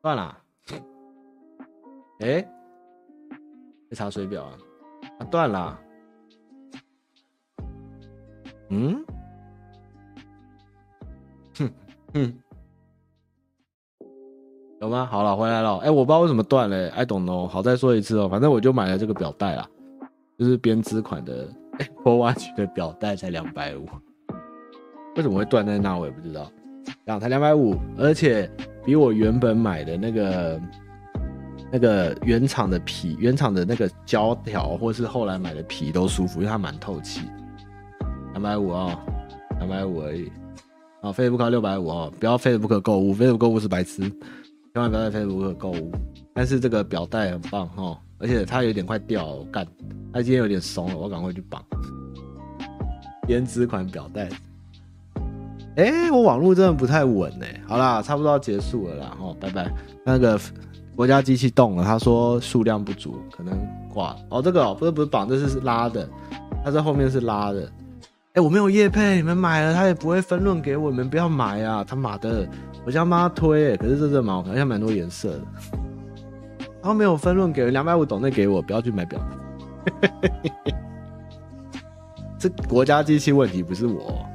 斷了，哎、 欸，沒查水表啊，啊斷了，嗯。嗯，有嗎？好了，回來了。哎、欸，我不知道為什麼斷了、欸，哎，I don't know, 好，再說一次哦、喔。反正我就買了這個錶帶啦，就是編織款的。哎、欸、Apple Watch 的錶帶才兩百五。為什麼會斷在那？我也不知道。這樣才兩百五，而且比我原本買的那個那個原廠的皮，原廠的那個膠條，或是後來買的皮都舒服，因為它蠻透氣。兩百五啊，兩百五而已。啊，Facebook 六百五哦，不要 Facebook 購物，Facebook 購物是白痴，千萬不要在 Facebook 購物。但是這個表帶很棒哦，而且它有點快掉了，我幹，它今天有點鬆了，我趕快去綁編織款表帶。哎、欸，我網絡真的不太穩哎、欸。好啦，差不多要結束了啦，好，拜拜。那個國家機器動了，他說數量不足，可能掛。哦，這個、哦、不是不是綁，這是拉的，它這後面是拉的。哎、欸，我沒有業配，你們買了他也不會分論給我你們，不要買啊！他媽的，我幫他推、欸，可是這這毛好像還蠻多顏色的。然、啊、後沒有分潤給我。兩百五，斗內給我，不要去買錶。 這國家機器問題不是我。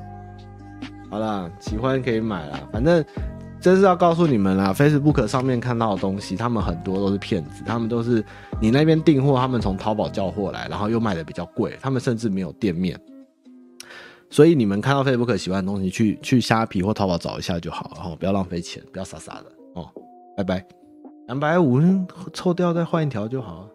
好啦，喜歡可以買啦。反正這是要告訴你們啦。Facebook 上面看到的東西，他們很多都是騙子，他們都是你那邊訂貨，他們從淘寶叫貨來，然後又賣的比較貴，他們甚至沒有店面。所以你們看到 Facebook 喜歡的東西去，去去蝦皮或淘寶找一下就好，然後不要浪費錢，不要傻傻的哦。拜拜，兩百五湊掉再換一條就好。